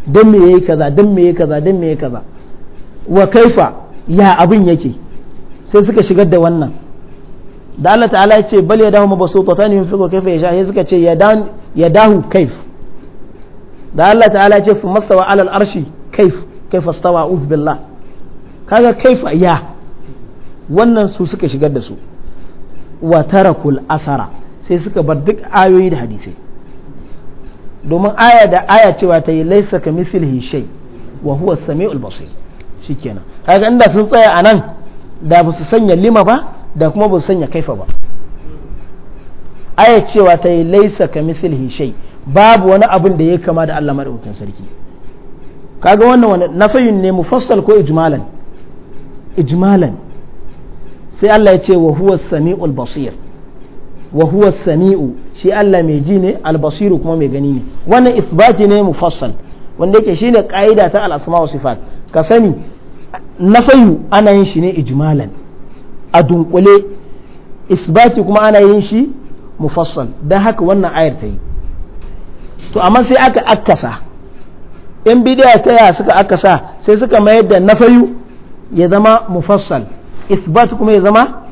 Speaker 1: don me yayi kaza danmi ya yayi kaza danmi ya yayi kaza wa kaifa ya abin yake sai suka shigar da wannan da Allah ta'ala ya ce bal ya dahu mabasuta tani yunfiqu kaifa yasha sai suka ce ya dahu kaif da Allah ta'ala ce fi mastawa alal arshi kaif kaif astawa uz billah kaga kaifaya ya wannan su suka shigar da su wa tarakul asara sai suka bar duk ayoyi da hadisai domin aya da aya cewa ta yi laisa ka mislihi shay wa huwa samiul basir shikenan kaga inda sun tsaya anan da ba su sanya lima ba da kuma ba su sanya kaifa ba aya cewa ta yi laisa ka mislihi shay babu wani abin da ya kama da Allah maɗaukin sarki kaga wannan wani nafayin ne mufassal ko ijmalan ijmalan sai Allah ya ce wa huwa sami'ul basir wa huwa sami'u shi Allah mai ji ne albasiru kuma mai gani ne wannan isbati ne mufassal wanda yake shine ka'ida ta al-asma wa sifat ka sani nafayu ana yin shi ne ijmalan a dunkule isbati kuma ana yin shi mufassal dan haka wannan ayar ta yi to amma sai aka akasa in bidiya ta ya suka akasa sai suka mayar da nafayu ya zama mufassal isbat kuma ya zama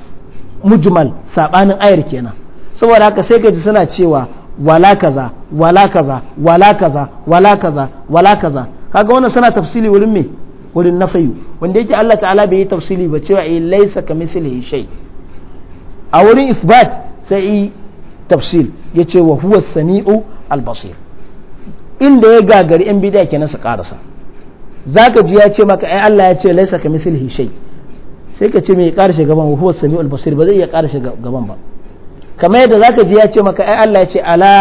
Speaker 1: mujmal sabanin ayar kenan saboda haka sai kaji suna cewa wala kaza wala kaza wala kaza wala kaza wala kaza kaga wannan suna tafsili wurin me wurin nafayu wanda yake Allah ta'ala bai yi tafsili ba cewa eh laysa kamithlihi shay a wurin isbat sai tafsil yace wa huwa samiu al-basir inda ya gagari yan bid'a ke nasa karasa za ka ji ya ce maka ai Allah ya ce laisa misil hishai sai ka ce me ya karshe gaban huwa sami albasir ba zai iya karshe gaban ba kamar yadda za ka ji ya ce maka ai Allah ya ce ala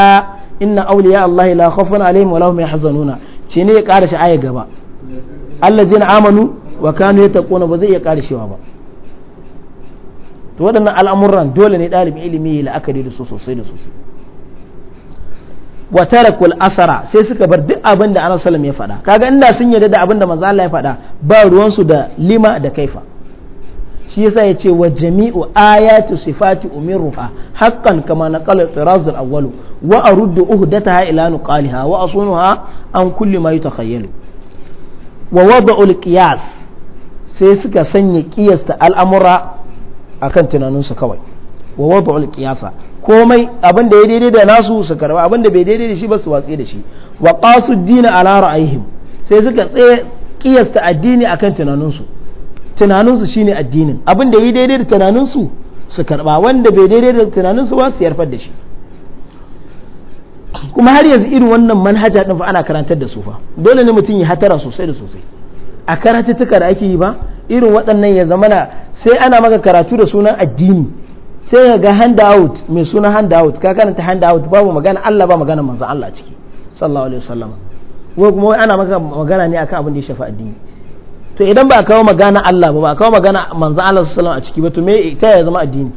Speaker 1: inna auliya Allah la khawfun alaihim wa lahum yahzanuna ce ne ya karshe aya gaba allazina amanu wa kanu ya yattaquna ba zai iya karshewa ba to waɗannan al'amuran dole ne ɗalibin ilimi la la'akari da su sosai da sosai wa tarakul asara sai suka bar duk abin da Annabi ya faɗa kaga inda sun yarda da abin da manzo Allah ya faɗa ba ruwan su da lima da kaifa shi yasa yace wa jami'u ayatu sifati umiruha haqqan kama naqala al-tiraz al-awwal wa aruddu uhdataha ila nuqaliha wa asunuha an kulli ma yutakhayyalu wa wada'ul qiyas sai suka sanya kiyasta al'amura akan tunaninsu kawai wa wada'ul qiyasa komai abin da ya daidai da nasu su karba abin da bai daidai da shi ba su watsi da shi wa qasu dina ala ra'ayhim sai suka tsaye kiyasta addini akan tunaninsu tunaninsu shine addinin abin da ya daidai da tunaninsu su karba wanda bai daidai da tunaninsu ba su yarfar da shi kuma har yanzu irin wannan manhaja din fa ana karantar da su fa dole ne mutum ya hatara sosai da sosai a karatuttuka da ake yi ba irin waɗannan ya zamana sai ana maka karatu da sunan addini sai ga handout mai suna handout ka karanta handout babu magana Allah ba magana manzo Allah ciki sallallahu alaihi wasallam wai kuma ana maka magana ne akan abin da ya shafi addini to idan ba kawo magana Allah ba ba kawo magana manzo Allah sallallahu alaihi wasallam a ciki ba to me ta ya zama addini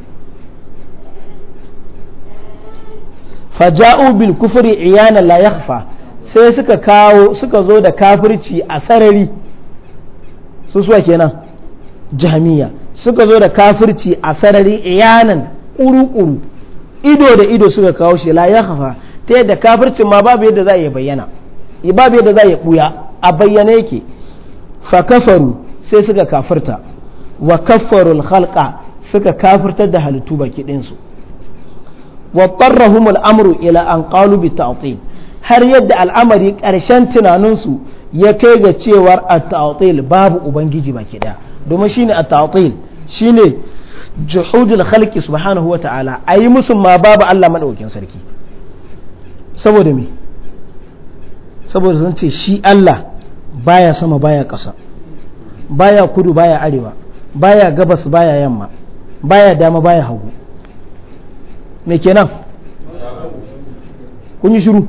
Speaker 1: faja'u bil kufri iyana la yakhfa sai suka kawo suka zo da kafirci a sarari su suwa kenan jami'a suka zo da kafirci a sarari iyanan kuru-kuru ido da ido suka kawo shi la ya hafa ta yadda kafircin ma babu yadda za a bayyana babu yadda za a buya a bayyana yake fa kafaru sai suka kafirta wa kafarul halka suka kafirtar da halittu baki ɗinsu wa qarrahum al'amru ila an qalu bi ta'til har yadda al'amari ƙarshen tunaninsu ya kai ga cewar at ta'til babu ubangiji baki ɗaya domin shine at-ta'til shine juhudul khalqi subhanahu wata'ala ayi musu ma babu Allah madaukakin sarki saboda me saboda sun ce shi Allah baya sama baya ƙasa baya kudu baya arewa baya gabas baya yamma baya dama baya hagu me kenan kun yi shiru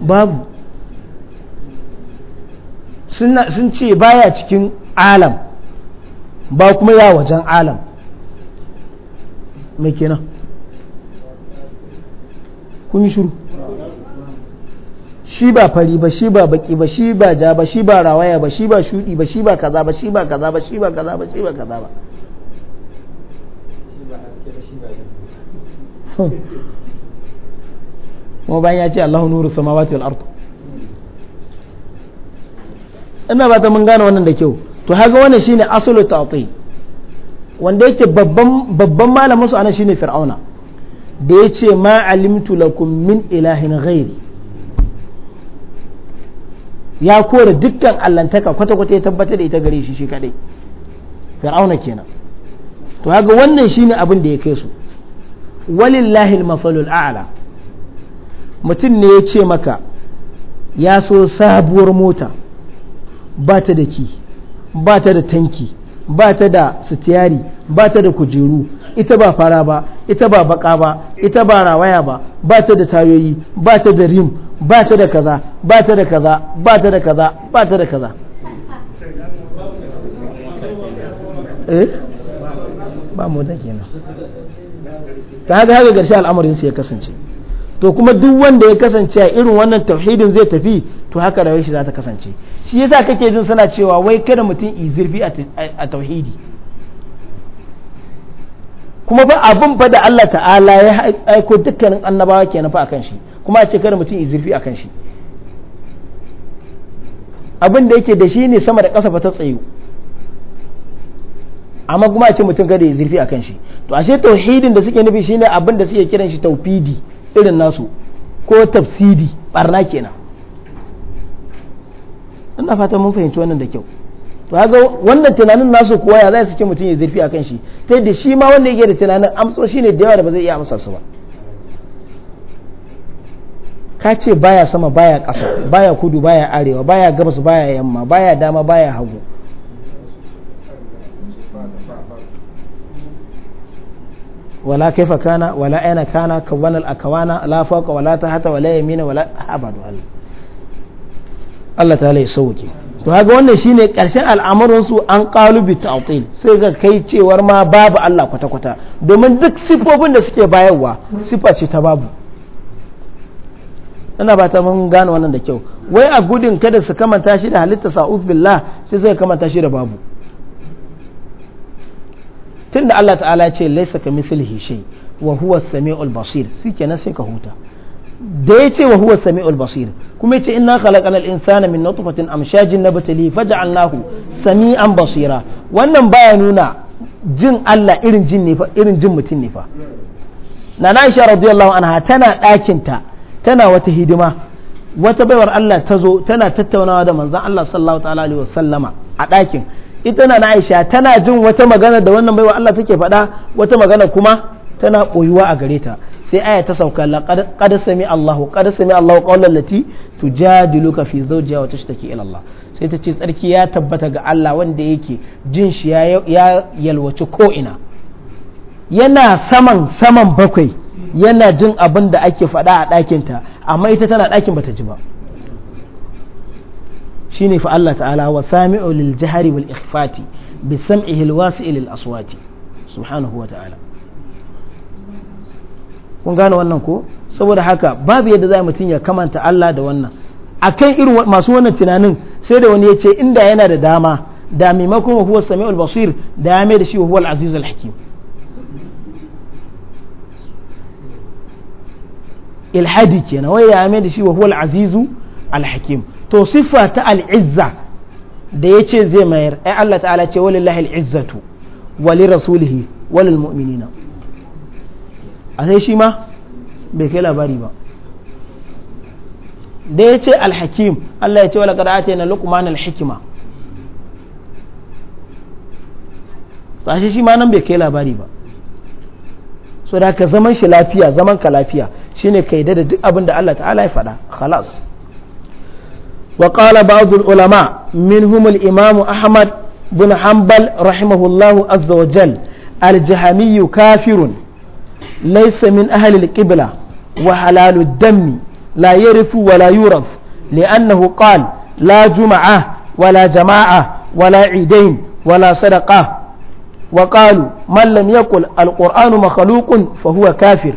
Speaker 1: babu sun ce baya cikin alam ba kuma ya wajen alam mai kenan kun yi shuru shi ba fari ba shi ba baki ba shi ba ja ba shi ba rawaya ba shi ba shudi ba shi ba kaza ba shi ba kaza ba shi ba kaza ba shi ba kaza ba kuma bayan ya ce Allahu nuru samawati wal ard ina ba ta mun gane wannan da kyau to haka wannan shine asalu tatil wanda yake babban babban malamin su anan shine fir'auna da ya ce ma alimtu lakum min ilahin ghairi ya kore dukkan allantaka kwata-kwata ya tabbatar da ita gare shi shi kadai fir'auna kenan to haka wannan shine abin da ya kai su walillahi mafalul a'la mutum ne ya ce maka ya so sabuwar mota ba ta da ki ba ta da tanki ba ta da sitiyari ba ta da kujeru ita ba fara ba ita ba baka ba ita ba rawaya ba ba ta da tayoyi ba ta da rim ba ta da kaza ba ta da kaza ba ta da kaza ba ta da kaza eh? ba mu da kenan ta haka haka garshe al'amarin su ya kasance to kuma duk wanda ya kasance a irin wannan tauhidin zai tafi to haka rayuwar shi za ta kasance shi yasa kake jin suna cewa wai kada mutum yi zurfi a tauhidi kuma ba abin fa da Allah ta'ala ya aiko dukkanin annabawa ke nufa fa kan shi kuma a ce kada mutum yi zurfi kan shi abin da yake da shi ne sama da ƙasa ba ta tsayu amma kuma a ce mutum kada ya zurfi kan shi to ashe tauhidin da suke nufi shine abin da suke kiran shi tauhidi irin nasu ko tafsidi barna kenan ina fata mun fahimci wannan da kyau to ga wannan tunanin nasu kuwa ya zai sake mutum ya zurfi a kan shi ta yadda shi ma wanda yake da tunanin amso shi ne da yawa da ba zai iya amsa su ba ka ce baya sama baya ƙasa baya kudu baya arewa baya gabas baya yamma baya dama baya hagu wala kaifa kana wala aina kana kawana akawana la fawqa wala tahta wala yamina wala abadu Allah Allah ta halaye sauke to haka wannan shine karshen al'amarin su an ta ta'til sai ga kai cewar ma babu Allah kwata kwata domin duk sifofin da suke bayarwa sifa ce ta babu ina ba ta mun gane wannan da kyau wai a gudun kada su kamanta shi da halitta sa'ud billah sai zai kamanta shi da babu tunda Allah ta'ala ce laisa ka mislihi shay wa huwa as-sami'ul basir shikenan sai ka huta da ya ce wa huwa sami'ul basir kuma yace inna khalaqana al-insana min nutfatin amshajin nabtali faj'alnahu sami'an basira wannan baya nuna jin Allah irin jin ne fa irin jin mutum ne fa nana Aisha radiyallahu anha tana ɗakin ta tana wata hidima wata baiwar Allah ta zo tana tattaunawa da manzon Allah sallallahu ta'ala alaihi wasallama a ɗakin ita na Aisha tana jin wata magana da wannan baiwar Allah take faɗa wata magana kuma tana koyuwa a gare ta sai aya ta sauka qad sami Allahu qad sami Allahu qawlan lati tujadiluka fi zawjiha wa tashtaki ila Allah sai ta ce tsarki ya tabbata ga Allah wanda yake jin shi ya yalwaci ko ina yana saman saman bakwai yana jin abin da ake faɗa a ɗakinta amma ita tana ɗakin bata ji ba shine fa Allah ta'ala wa sami'u lil jahri wal ikhfati bi sam'ihi al wasi'i lil aswati subhanahu wa ta'ala kun gane wannan ko saboda haka babu yadda za mutum ya kamanta Allah da wannan a akan irin masu wannan tunanin sai da wani ya ce inda yana da dama da maimakon huwar sami basir da ya mai da shi wa huwar aziz al-hakim ilhadi kenan wai ya mai da shi wa huwar azizu al to siffa ta al-izza da ya ce zai mayar ai Allah ta'ala ce walillahi al-izzatu wa li rasulihi wa a sai shi ma bai kai labari ba da ya ce alhakim Allah ya ce wala kada ake na lukman alhikima a shi ma nan bai kai labari ba so da ka zaman shi lafiya zaman ka lafiya shine ka yi da duk abin da Allah ta'ala ya faɗa khalas wa qala ba'd ulama minhum al imam ahmad bin hanbal rahimahullahu azza wa jal al jahamiyyu kafirun laysa min ahli al-qibla wa halalu dami la yarithu wa la yuraf li'annahu qala la juma'a ولا جماعة ولا عيدين ولا صدقة وقالوا من لم يقل القرآن مخلوق فهو كافر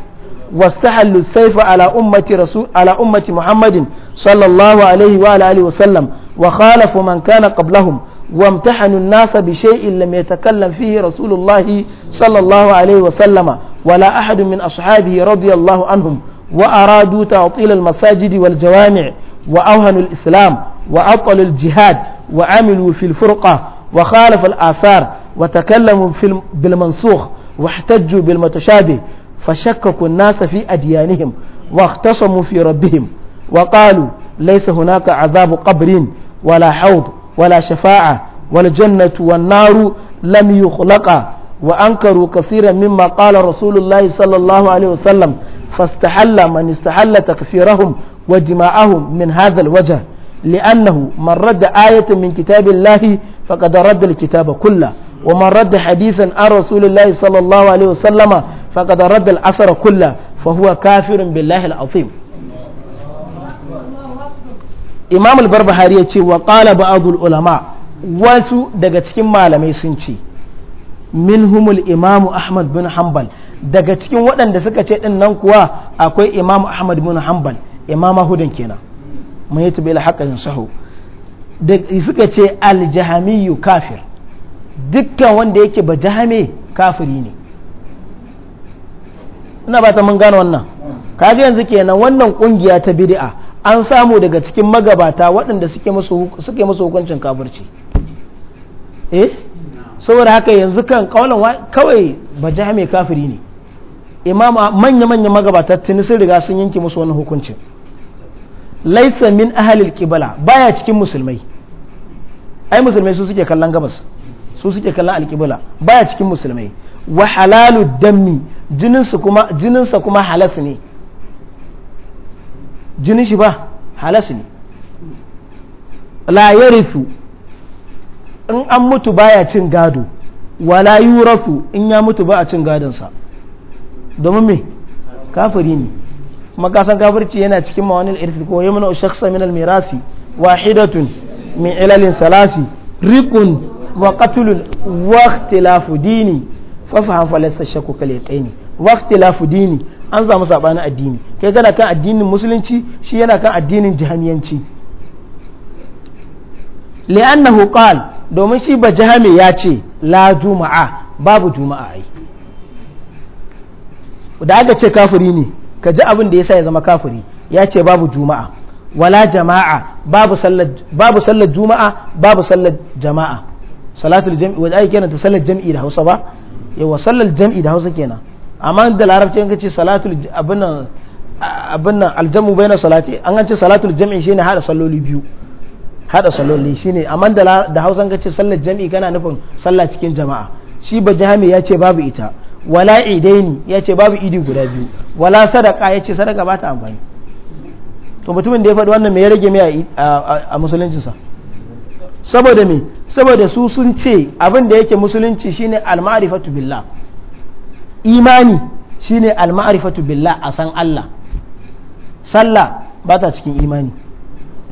Speaker 1: واستحلوا السيف على أمة رسول على أمة محمد صلى الله عليه وعلى آله وسلم وخالفوا من كان قبلهم وامتحنوا الناس بشيء لم يتكلم فيه رسول الله صلى الله عليه وسلم ولا أحد من أصحابه رضي الله عنهم وأرادوا تعطيل المساجد والجوامع وأوهنوا الإسلام وأطلوا الجهاد وعملوا في الفرقة وخالف الآثار وتكلموا بالمنسوخ واحتجوا بالمتشابه فشككوا الناس في أديانهم واختصموا في ربهم وقالوا ليس هناك عذاب قبر ولا حوض ولا شفاعة والجنة والنار لم يخلقا وأنكروا كثيرا مما قال رسول الله صلى الله عليه وسلم فاستحل من استحل تكفيرهم ودماءهم من هذا الوجه لأنه من رد آية من كتاب الله فقد رد الكتاب كله ومن رد حديثا عن رسول الله صلى الله عليه وسلم فقد رد الأثر كله فهو كافر بالله العظيم imam al-barbahari ya ce wa qala ba'dul ulama wasu daga cikin malamai sun ce minhumul imamu ahmad bin hanbal daga cikin waɗanda suka ce din nan kuwa akwai imam ahmad bin hanbal imam hudan kenan mun yi tabi haqqin sahu da suka ce al kafir dukkan wanda yake ba jahame kafiri ne ina ba ta mun gane wannan kaji yanzu kenan wannan kungiya ta bid'a an samu daga cikin magabata waɗanda suke masu hukuncin kafirci eh saboda haka yanzu kan kawalan kawai baja mai kafiri ne imama manya-manya magabata tuni sun riga sun yanke musu wani hukuncin laisa min ahalil kibala baya cikin musulmai ai musulmai su suke kallon gabas su suke kallon alkibala baya cikin musulmai wa halalu dammi jininsa kuma halas ne jinin shi ba halas ne la rufu in an mutu baya cin gado wala rufu in ya mutu ba a cin gadonsa domin me kafiri ne makasan kafirci yana cikin mawanil irfi ko yamna shakhsa min al-mirasi wahidatun min ilalin salasi rikun wa katulun wa ikhtilafu dini fa fa shakku dini an samu sabanin addini kai kana kan addinin musulunci shi yana kan addinin jahamiyanci li'annahu qal domin shi ba jihami ya ce la juma'a babu juma'a ai da aka ce kafiri ne ka ji abin da yasa ya zama kafiri ya ce babu juma'a wala jama'a babu sallar babu sallar juma'a babu sallar jama'a salatul jam'i wa ai kenan ta sallar jam'i da Hausa ba yawa sallar jam'i da Hausa kenan amma da larabci in ce salatul abin nan abin nan aljamu bai na salati an ce salatul jam'i shine hada salloli biyu hada salloli shine amma da da hausa an ce sallar jam'i kana nufin sallah cikin jama'a shi ba jami ya ce babu ita wala idaini ya ce babu idi guda biyu wala sadaka ya ce sadaka ba ta amfani to mutumin da ya faɗi wannan me ya rage mai a musuluncinsa saboda me saboda su sun ce abin da yake musulunci shine al-ma'rifatu billah imani shine al-ma'rifatu billah a san Allah sallah ba ta cikin imani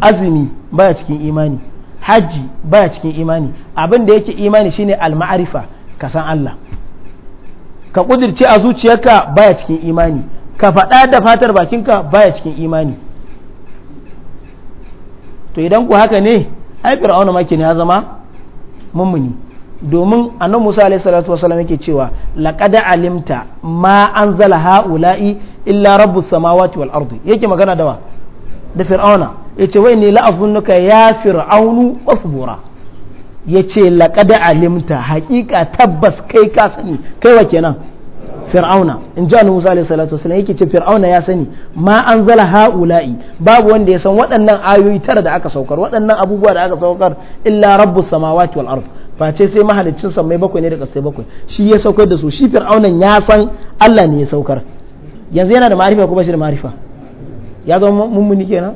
Speaker 1: azumi ya cikin imani hajji ya cikin imani abin da yake imani shine al-ma'rifa ka san Allah ka kudirce a zuciyarka ya cikin imani ka faɗa da fatar bakinka ba ya cikin imani to idan ku haka ne ai fir'auna ma ne ya zama mummuni domin annan musa alaihi salatu salam yake cewa laqad alimta ma an ha'ula'i illa rabu samawati wal ardi yake magana da wa da fir'auna yace wai ne la'azunuka ya fir'aunu wasbura yace laqad alimta haqiqa tabbas kai ka sani kai wa kenan fir'auna in ji musa alaihi salatu salam yake ce fir'auna ya sani ma an ha'ula'i babu wanda ya san waɗannan ayoyi tara da aka saukar waɗannan abubuwa da aka saukar illa rabu samawati wal ardi face sai mahalicin sammai bakwai ne da kasai bakwai shi ya saukar da su shi fir'aunan ya san Allah ne ya saukar yanzu yana da ma'arifa ko ba shi da ma'arifa ya zama mummuni kenan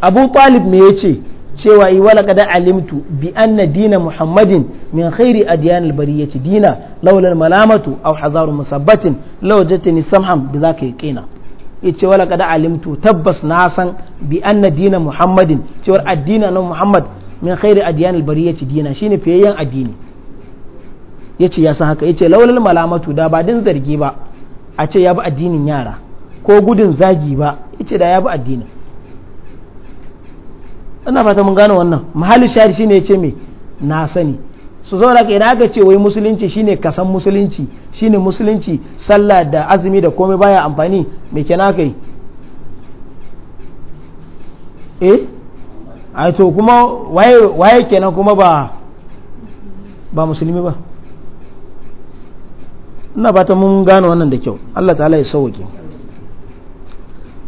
Speaker 1: abu talib me yace cewa yi wala kada alimtu bi anna dina muhammadin min khairi adiyan albariyati dina laula malamatu aw hazaru musabbatin law jatani samham bi zaka yaqina yace wala kada alimtu tabbas na san bi anna dina muhammadin cewar addina na muhammad min khairi adiyan ci dina shine fiyayyen addini yace ya san haka yace laulal malamatu da ba din zargi ba a ce ya bi addinin yara ko gudun zagi ba yace da ya bi addinin ina fata mun gane wannan mahallin shari shine yace me na sani su zaura ka idan aka ce wai musulunci shine kasan musulunci shine musulunci sallah da azumi da komai baya amfani me kenan kai eh a to kuma waye kenan kuma ba ba musulmi ba ina ta mun gano wannan da kyau Allah ta'ala ya sauke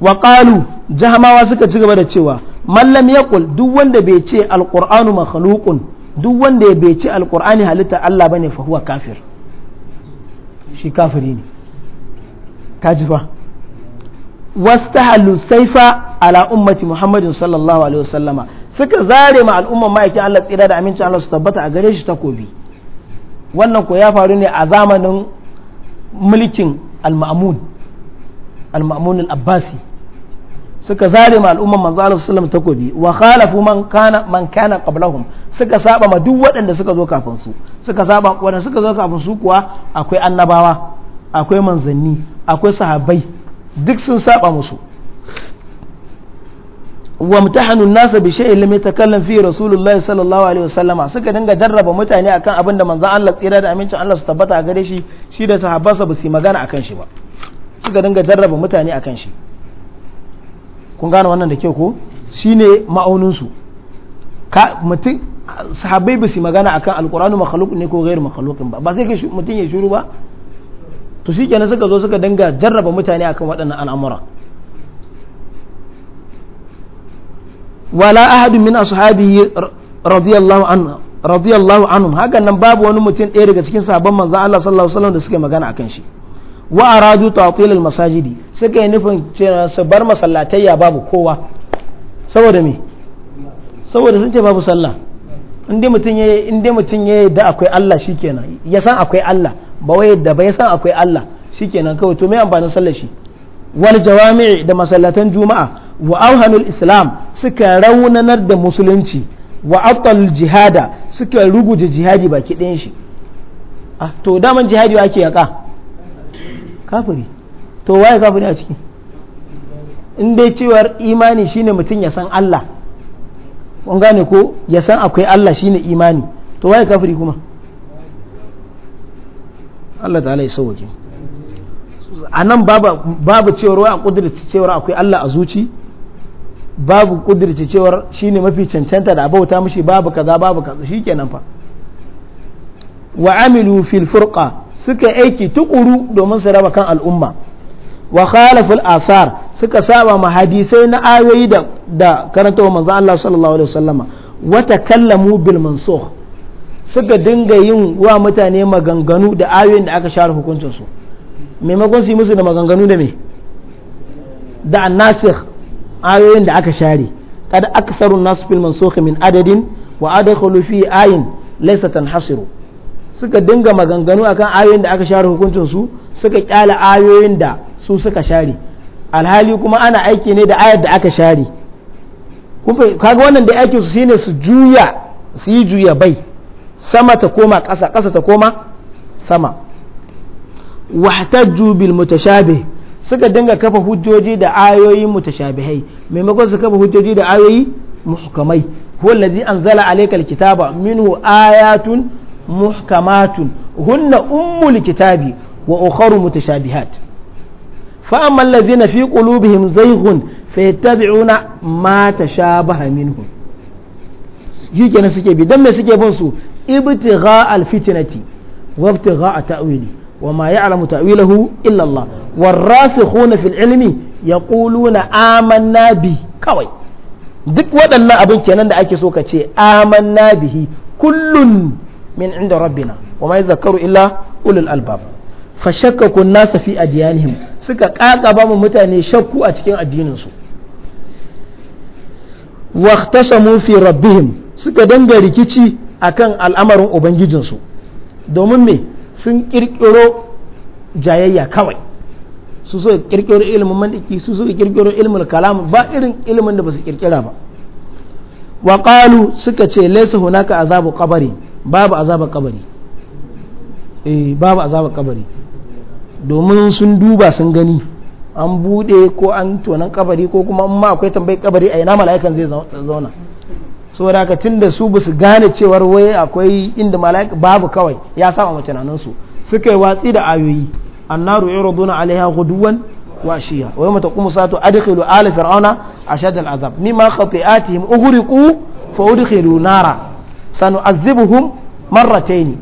Speaker 1: wa qalu jahamawa suka ci gaba da cewa mallam yaqul duk wanda bai ce alqur'anu makhluqun duk wanda bai ce Alƙur'ani halitta Allah bane fa huwa kafir shi kafiri ne kaji fa wastahalu saifa ala ummati muhammadin sallallahu alaihi wasallama suka zare ma al'umman ma'aikin Allah tsira da amincin Allah su tabbata a gare shi takobi wannan ko ya faru ne a zamanin mulkin al-ma'mun al-ma'mun al-abbasi suka zare ma al'umman manzo Allah sallallahu takobi wa khalafu man kana man kana qablahum suka saba ma duk waɗanda suka zo kafin su suka saba waɗanda suka zo kafin su kuwa akwai annabawa akwai manzanni akwai sahabbai duk sun saba musu wa mutahanu nasa bi shay'in lam yatakallam fi rasulullahi sallallahu alaihi wasallama suka dinga jarraba mutane akan abin da manzon Allah tsira da amincin Allah su tabbata a gare shi shi da sahabbansa ba su yi magana akan shi ba suka dinga jarraba mutane akan shi kun gane wannan da kyau ko shine ma'aunin su ka mutum sahabbai ba su magana akan alqur'anu makhluq ne ko ghairu makhluqin ba ba sai mutum ya shuru ba to shi kenan suka zo suka dinga jarraba mutane akan waɗannan al'amura wala ahadun min ashabi radiyallahu anhu radiyallahu anhum hakan nan babu wani mutum ɗaya daga cikin sahabban manzon Allah sallallahu alaihi wasallam da suke magana akan shi wa aradu ta'til al masajidi suka yi nufin su bar ya babu kowa saboda me saboda sun ce babu sallah in dai mutum ya in dai mutum da akwai Allah shikenan ya san akwai Allah ba wai da bai san akwai Allah shikenan kawai to me amfanin sallar shi wal jawami'i da masallatan juma'a wa auhanul islam suka raunanar da musulunci wa atal jihada suka ruguje jihadi baki ɗayan shi ah to daman jihadi ake yaka kafiri to waye kafiri a ciki in dai cewar imani shine mutum ya san Allah kun gane ko ya san akwai Allah shine imani to waye kafiri kuma Allah ta'ala ya sauke a nan babu cewar wa a ƙudurci cewar akwai Allah a zuci babu ƙudurci cewar shine mafi cancanta da abauta mushi babu kaza babu kaza shi kenan fa wa amilu fil furqa suka aiki tukuru domin su raba kan al'umma wa khalaful asar suka saba ma hadisai na ayoyi da da wa manzo Allah sallallahu alaihi wasallama wa takallamu bil mansukh suka dinga yin wa mutane maganganu da ayoyin da aka share hukuncinsu maimakon su yi musu da maganganu da me da annasir ayoyin da aka share kad aksarun nasu fil mansukh min adadin wa adkhulu fi ayin laysa tanhasiru suka dinga maganganu akan ayoyin da aka share hukuncinsu suka kyala ayoyin da su suka share alhali kuma ana aiki ne da ayar da aka share kaga wannan da aikin su shine su juya su yi juya bai sama ta koma ƙasa ƙasa ta koma sama wahtajju bil mutashabih suka dinga kafa hujjoji da ayoyi mutashabihai maimakon su kafa hujjoji da ayoyi muhkamai huwa allazi anzala alaykal kitaba minhu ayatun muhkamatun hunna ummul kitabi wa ukharu mutashabihat fa amma allazina fi qulubihim zayghun fayattabi'una ma tashabaha minhu shikenan suke bi dan me suke bin su ibtigha alfitnati wa ibtigha ta'wili wa ma ya'lamu ta'wilahu illa Allah warasikhuna fil ilmi yaquluna amanna bi kawai duk waɗannan abin kenan da ake so ka ce amanna bihi kullun min inda rabbina wa ma yadhakkaru illa ulul albab fa shakkaku nasa fi adiyanihim suka kakaba mu mutane shakku a cikin addininsu su wa ikhtasamu fi rabbihim suka danga rikici akan al'amarin ubangijinsu domin me sun kirkiro jayayya kawai su so kirkiro ilimin mandiki su so kirkiro ilimin kalam ba irin ilimin da ba su kirkira ba wa qalu suka ce laysa hunaka azabu qabari babu azabu qabari eh babu azabu qabari domin sun duba sun gani an bude ko an tonan kabari ko kuma amma akwai tambayi kabari a ina mala'ikan zai zauna saboda haka da su basu gane cewar wai akwai inda mala'ika babu kawai ya saba mu tunanin su suka yi watsi da ayoyi annaru yuraduna alaiha ghuduwan wa shiya wa yawma taqumu sa'atu adkhilu ala fir'auna ashad al'azab mimma khati'atihim ughriqu fa udkhilu nara sanu'adhibuhum marrataini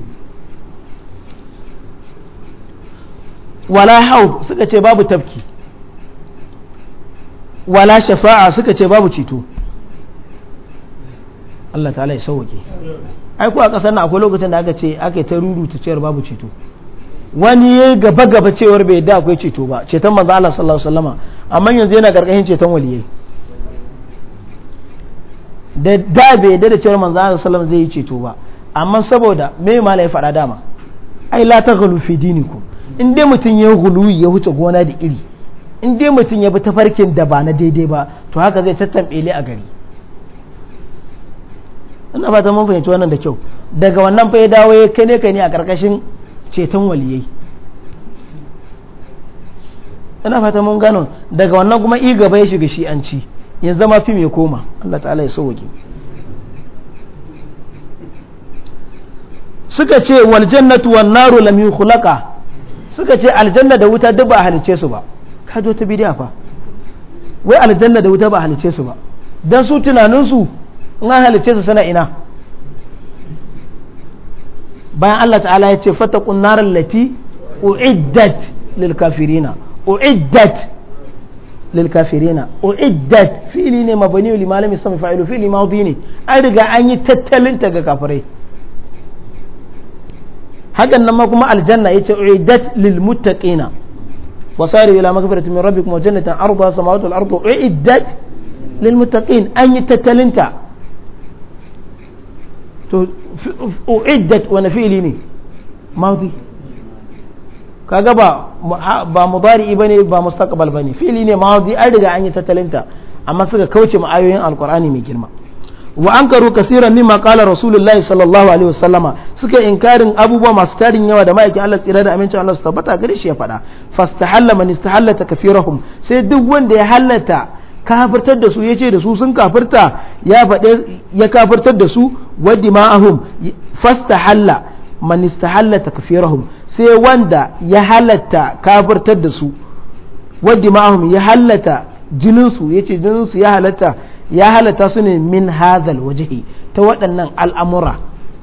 Speaker 1: wala haud suka ce babu tabki wala shafa'a suka ce babu ceto Allah ta ya sauke ai kuwa a kasar na akwai lokacin da aka ce aka yi ta ta cewar babu ceto wani ya gaba gaba cewar bai da akwai ceto ba ceton manzo Allah sallallahu alaihi wasallama amma yanzu yana karkashin ceton waliyai da da bai da cewar manzo Allah sallallahu zai yi ceto ba amma saboda me mala ya faɗa dama ai la taghlu fi dinikum in dai mutum ya gulu ya huce gona da iri in dai mutum ya bi ta farkin da ba na daidai ba to haka zai tattambe a gari ina fata mun fahimci wannan da kyau daga wannan fa ya dawo ya kai ne kai ne a karkashin ceton waliyai ina fata mun gano daga wannan kuma i gaba ya shiga shi'anci yanzu zama fim ya koma Allah ta'ala ya sauke suka ce wal jannatu wan naru lam yukhlaqa suka ce aljanna da wuta duk ba halice su ba ka zo ta bidiya fa wai aljanna da wuta ba halice su ba dan su tunanin su in an halice su suna ina bayan Allah ta'ala ya ce fatakun kunnar lati uiddat lil kafirina uiddat lil kafirina uiddat fili ne mabani li malami sami fa'ilu fili maudi ne an riga an yi tattalin ta ga kafirai hakan nan ma kuma aljanna yace uiddat lil muttaqina wasari ila magfirati min rabbikum wa jannatin arduha samawati wal ardu uiddat lil muttaqin an yi tattalin ta to uiddat wani fili ne madi kaga ba ba mudari bane ba mustaqbal bane fili ne madi an riga an yi tattalinta amma suka kauce ma ayoyin alqur'ani mai girma wa ankaru kasiran mimma qala rasulullahi sallallahu alaihi wasallama suka inkarin abubuwa masu tarin yawa da ma'aikin Allah tsira da amincin Allah su tabbata gare shi ya faɗa fastahalla man istahalla kafirahum sai duk wanda ya hallata kafirtar da su ya ce da su sun kafirta ya faɗe ya kafirtar da su waddi ma'ahum fasta halla ta istahalla takfirahum sai wanda ya halatta kafirtar da su waddi ma'ahum ya halatta jininsu ya ce jininsu ya halatta ya halatta su ne min hazal wajhi ta waɗannan al'amura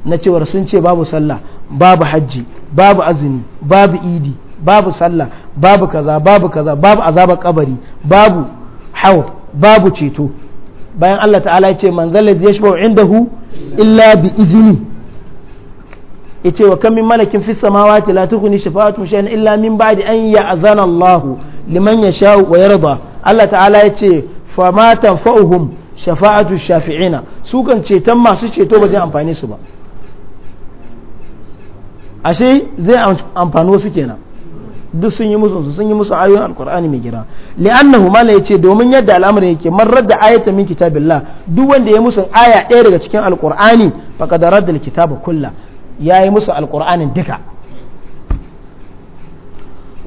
Speaker 1: na cewar sun ce babu sallah babu hajji babu azumi babu idi babu sallah babu kaza babu kaza babu azabar kabari babu haud babu ceto bayan Allah ta'ala ya ce man zalla ya shi indahu illa bi izini ya ce wa kan min malakin fi samawati la tughni shafa'atu shay'an illa min ba'di an ya'zana Allah liman yasha wa yarda Allah ta'ala ya ce fa ma tanfa'uhum shafa'atu shafi'ina su kan ceton masu ceto ba zai amfane su ba ashe zai amfano su kenan duk sun yi musu sun yi musu ayoyin alkur'ani mai gira li'annahu mala yace domin yadda al'amarin yake man radda ayatan min kitabillah duk wanda ya musu aya ɗaya daga cikin alkur'ani faqad radda alkitaba kulla yayi musu alkur'anin duka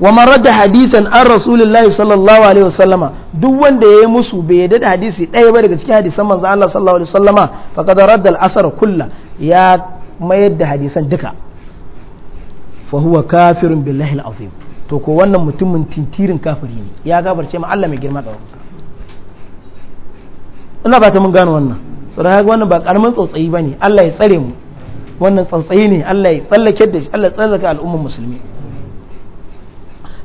Speaker 1: wa man radda hadisan an rasulillahi sallallahu alaihi wasallama duk wanda ya musu bai yadda da hadisi ɗaya ba daga cikin hadisan manzo Allah sallallahu alaihi wasallama faqad radda al kulla ya mayar da hadisan duka fa huwa kafirun billahi al to ko wannan mutumin tintirin kafiri ne ya gabarce ma Allah mai girma da wanka ina ba ta mun gano wannan tsara ya wannan ba karamin tsautsayi ba ne Allah ya tsare mu wannan tsautsayi ne Allah ya tsallake da shi Allah ya tsallaka al'ummar musulmi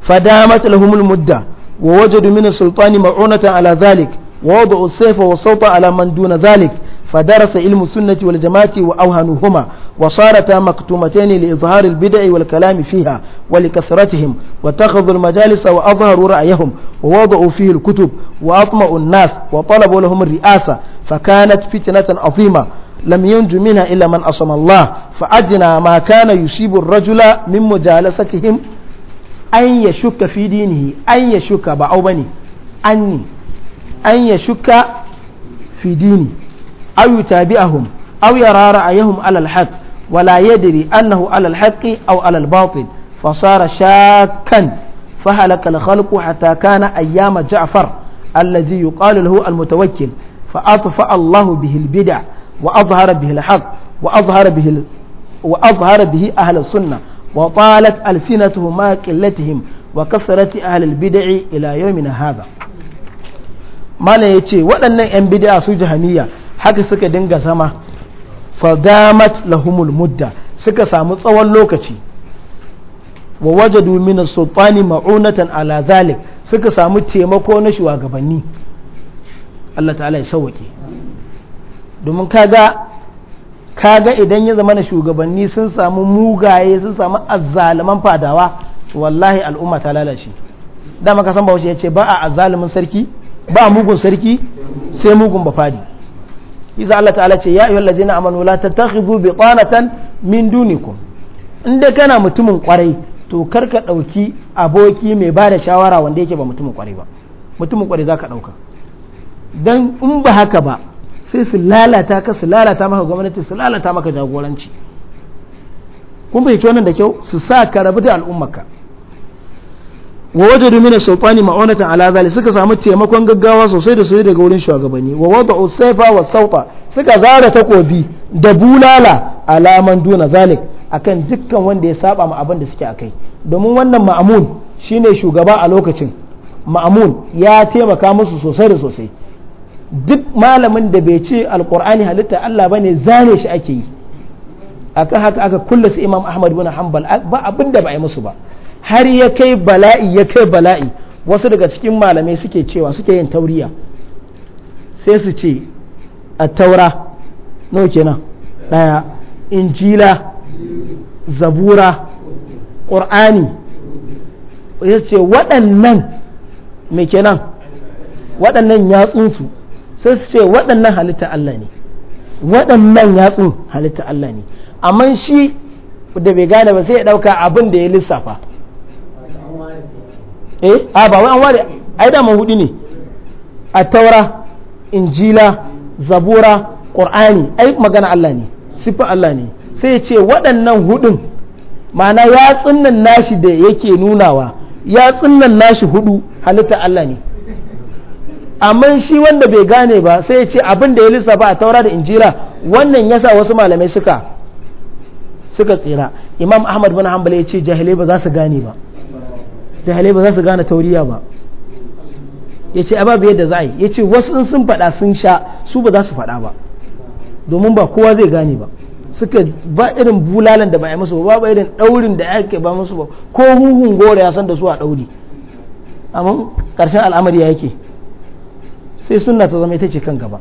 Speaker 1: fadamat lahumul mudda wa wajadu min sultani ma'unatan ala zalik ووضع السيف والصوت على من دون ذلك فدرس علم السنة والجماعة وأوهنوهما وصارتا مكتومتين لإظهار البدع والكلام فيها ولكثرتهم واتخذوا المجالس وأظهروا رأيهم ووضعوا فيه الكتب وأطمأوا الناس وطلبوا لهم الرئاسة فكانت فتنة عظيمة لم ينج منها إلا من أصم الله فأجنى ما كان يصيب الرجل من مجالستهم أن يشك في دينه أن يشك بعوبني أني أن يشك في ديني أو يتابعهم أو يرى رأيهم على الحق ولا يدري أنه على الحق أو على الباطل فصار شاكا فهلك الخلق حتى كان أيام جعفر الذي يقال له المتوكل فأطفأ الله به البدع وأظهر به الحق وأظهر به وأظهر به أهل السنة وطالت ألسنتهم ما قلتهم وكثرة أهل البدع إلى يومنا هذا malam ya ce waɗannan 'yan bid'a su jahaniya haka suka dinga zama fadamat lahumul mudda suka samu tsawon lokaci wa wajadu min sultani ma'unatan ala zalik suka samu taimako na shugabanni Allah ta'ala ya sauke domin kaga kaga idan ya zama na shugabanni sun samu mugaye sun samu azzaliman fadawa wallahi al'umma ta lalace dama ka san bahaushe ya ce ba a azzalumin sarki ba mugun sarki sai mugun bafadi isa Allah ta'ala ce ya ayyuhal ladina amanu la tattakhidhu qanatan min dunikum inda kana mutumin kwarai to kar ka dauki aboki mai bada shawara wanda yake ba mutumin kwarai ba mutumin kwarai zaka dauka dan in ba haka ba sai su lalata ka su lalata maka gwamnati su lalata maka jagoranci kun bai nan da kyau su sa ka rabu da al'ummarka wa wajadu min as-sultani ma'unatan ala zalika suka samu taimakon gaggawa sosai da sosai daga wurin shugabanni wa wada'u sayfa wa sawta suka zara kobi da bulala alaman duna zalik akan dukkan wanda ya saba ma abin da suke akai domin wannan ma'amun shine shugaba a lokacin ma'amun ya taimaka musu sosai da sosai duk malamin da bai ce alqur'ani halitta Allah bane zane shi ake yi akan haka aka kullasa imam ahmad ibn hanbal ba abin ba a yi musu ba har ya kai bala'i ya kai bala'i wasu daga cikin malamai suke cewa suke yin tauriya sai su ce a taura no kenan daya injila zabura ƙur'ani ya ce waɗannan mai kenan waɗannan yatsunsu sai su ce waɗannan halitta Allah ne waɗannan yatsun halitta Allah ne amma shi da bai gane ba sai ya ɗauka abin da ya lissafa eh a ba wai an ware ai da hudu ne a taura injila zabura qur'ani ai magana Allah ne sifa Allah ne sai ce waɗannan hudun ma'ana ya tsinnan nashi da yake nunawa ya tsinnan nashi hudu halitta Allah ne amma shi wanda bai gane ba sai ya ce abin da ya lissafa a taura da injila, wannan yasa wasu malamai suka suka tsira imam ahmad bin hanbal ya ce jahilai ba za su gane ba jahilai ba za su gane tauriya ba ya ce ababe yadda za a yi ya ce wasu in sun faɗa sun sha su ba za su faɗa ba domin ba kowa zai gane ba suka ba irin bulalan da ba a musu ba ba irin ɗaurin da ake ba musu ba ko huhun gora ya san da su a ɗauri amma ƙarshen al'amari ya yake sai sunna ta zama ita ce kan gaba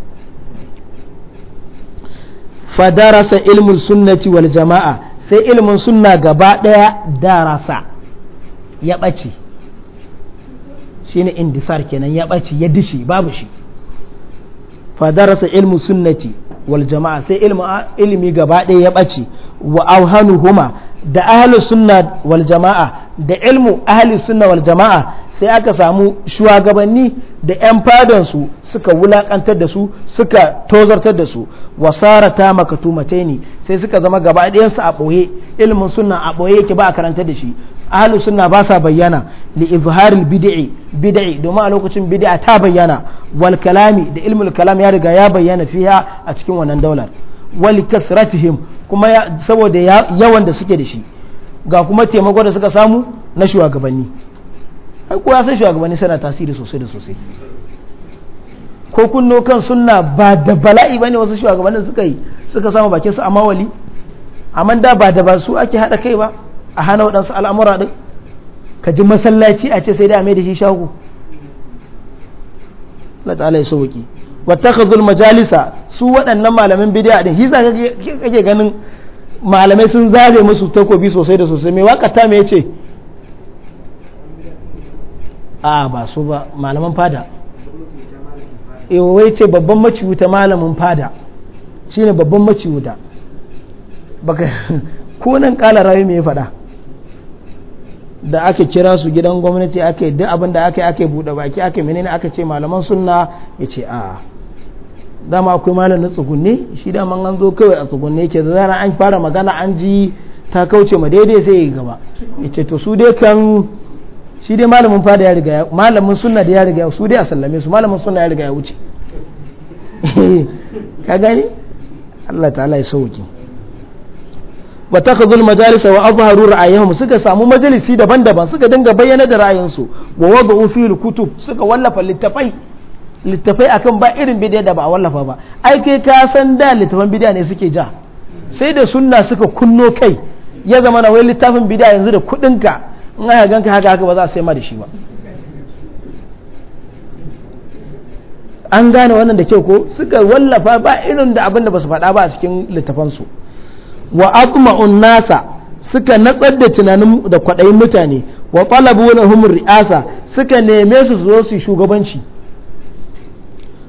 Speaker 1: fadarasa ilmin sunnati wal jama'a sai ilmin sunna gaba ɗaya darasa ya ɓace shi ne indisar kenan ya ɓace ya dishi babu shi fadarasa ilmu sunnati wal jama'a sai ilmi gaba ɗaya ya ɓace wa huma da ahli sunna wal jama'a da ilmu ahli sunna wal jama'a sai aka samu shugabanni da 'yan su suka wulakantar da su suka tozartar da su wasara ta ne sai suka zama gaba ɗayansu a ɓoye ilmin sunna a ɓoye yake ba a karanta da shi ahalu sunna ba sa bayyana li izharil bid'i bid'i domin a lokacin bid'a ta bayyana wal kalami da ilmul kalam ya riga ya bayyana fiha a cikin wannan daular wal kasratihim kuma saboda yawan da suke da shi ga kuma taimako da suka samu na shugabanni ai ko ya san shugabanni suna tasiri sosai da sosai ko kunno kan sunna ba da bala'i bane wasu shugabannin suka yi suka samu bakin su a amma da ba da ba su ake hada kai ba a hana waɗansu al'amura ɗin ka ji masallaci a ce sai da a mai da shi shago na ta'ala ya sauki wattakhadhul majalisa su waɗannan malamin bid'a ɗin hisa kake ganin malamai sun zabe musu takobi sosai da sosai me wakata me ce a ba su ba malaman fada eh wai ce babban maciwuta malamin fada shine babban maciwuta baka ko nan kala rayu me ya faɗa da aka kira su gidan gwamnati aka yi duk abin da aka yi aka yi buɗe baki aka menene aka ce malaman sunna ya ce a dama akwai malam na tsugunne shi dama an zo kawai a tsugunne ce da zara an fara magana an ji ta kauce ma daidai sai ya gaba ya ce to su dai kan shi dai malamin fada ya riga malamin sunna da ya riga su dai a sallame su malamin sunna ya riga ya wuce ka gani Allah ta'ala ya sauki wa kazul majalisa wa azharu ra'ayahum suka samu majalisi daban-daban suka dinga bayyana da ra'ayinsu wa wada'u fil kutub suka wallafa littafai littafai akan ba irin bidiya da ba a wallafa ba ai kai ka san da littafan bidiya ne suke ja sai da sunna suka kunno kai ya zama na wai littafin bidiya yanzu da kudin ka in aka ganka haka haka ba za a sai ma da shi ba an gane wannan da kyau ko suka wallafa ba irin da abin da ba su faɗa ba a cikin littafansu wa atma'un nasa suka natsar da tunanin da kwaɗayin mutane wa talabu lahum ri'asa suka neme su zo su shugabanci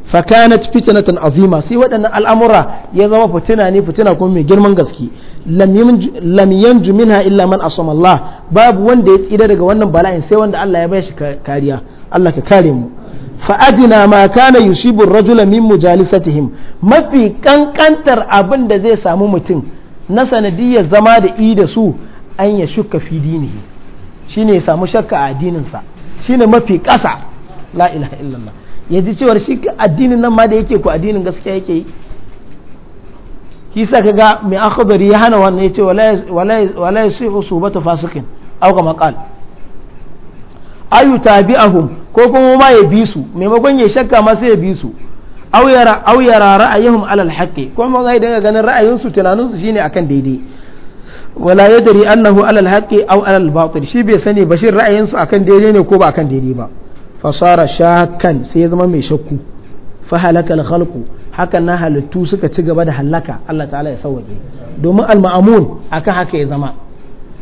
Speaker 1: fakanat fitnatan azima sai waɗannan al'amura ya zama fitina ne fitina kuma mai girman gaske Lamiyan jumina illa man asamallah babu wanda ya tsira daga wannan bala'in sai wanda Allah ya bai shi kariya Allah ka kare mu fa adina ma kana yusibu ar-rajula min mujalisatihim mafi kankantar abin da zai samu mutum na sanadiyar zama da i da su an ya shuka fi dinihi shi ya samu shakka a addininsa shi ne mafi ƙasa la ilaha illallah ya ji cewar shi addinin nan ma da yake ku addinin gaskiya yake yi kisa ga mai akhdari ya hana wannan ya ce wala su su subatu fasikin au kama qal ayu tabi'ahum ko kuma ma ya bi su maimakon ya shakka ma sai ya bi su aw yara aw yara alal haqqi kuma zai daga ganin ra'ayinsu tunaninsu shine akan daidai wala yadri annahu alal haqqi aw alal batil shi bai sani ba shin ra'ayinsu akan daidai ne ko ba akan daidai ba fasara shakan sai ya zama mai shakku fa halaka al hakan na halittu suka ci gaba da halaka Allah ta'ala ya sauke domin al ma'amun akan haka ya zama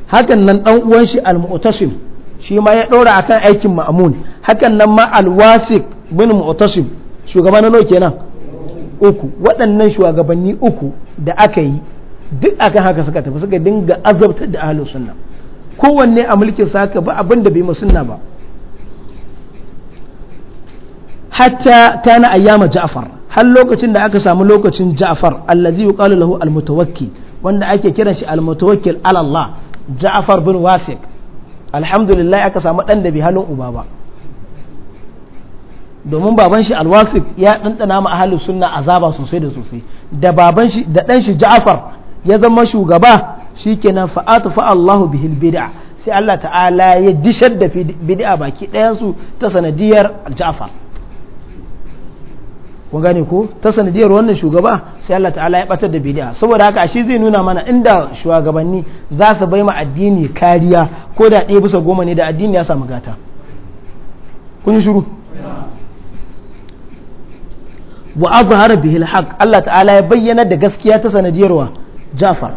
Speaker 1: hakan nan dan uwan shi al mu'tasim shi ma ya daura akan aikin ma'amun hakan nan ma al bin mu'tasim shugaba na nawa kenan uku waɗannan shugabanni uku da aka yi duk akan haka suka tafi suka dinga azabtar da ahlus sunna kowanne a mulkin sa haka ba abin da bai ma sunna ba hatta na ayyama ja'far har lokacin da aka samu lokacin ja'far allazi yuqalu lahu almutawakkil wanda ake kiran shi almutawakkil ala Allah ja'far bin wasiq alhamdulillah aka samu dan da bi halin uba ba domin baban shi alwasif ya ɗanɗana ma ahalus sunna azaba sosai da sosai da baban shi da ɗan shi ja'afar ya zama shugaba shikenan fa'atu fa Allahu bihil bid'a sai Allah ta'ala ya dishar da bid'a baki ɗayan ta sanadiyar ja'afar kun gane ko ta sanadiyar wannan shugaba sai Allah ta'ala ya batar da bid'a saboda haka shi zai nuna mana inda shugabanni za su bai ma addini kariya ko da ɗaya bisa goma ne da addini ya samu gata kun yi shiru wa azhara bihil haqq Allah ta'ala ya bayyana da gaskiya ta sanadiyarwa Jafar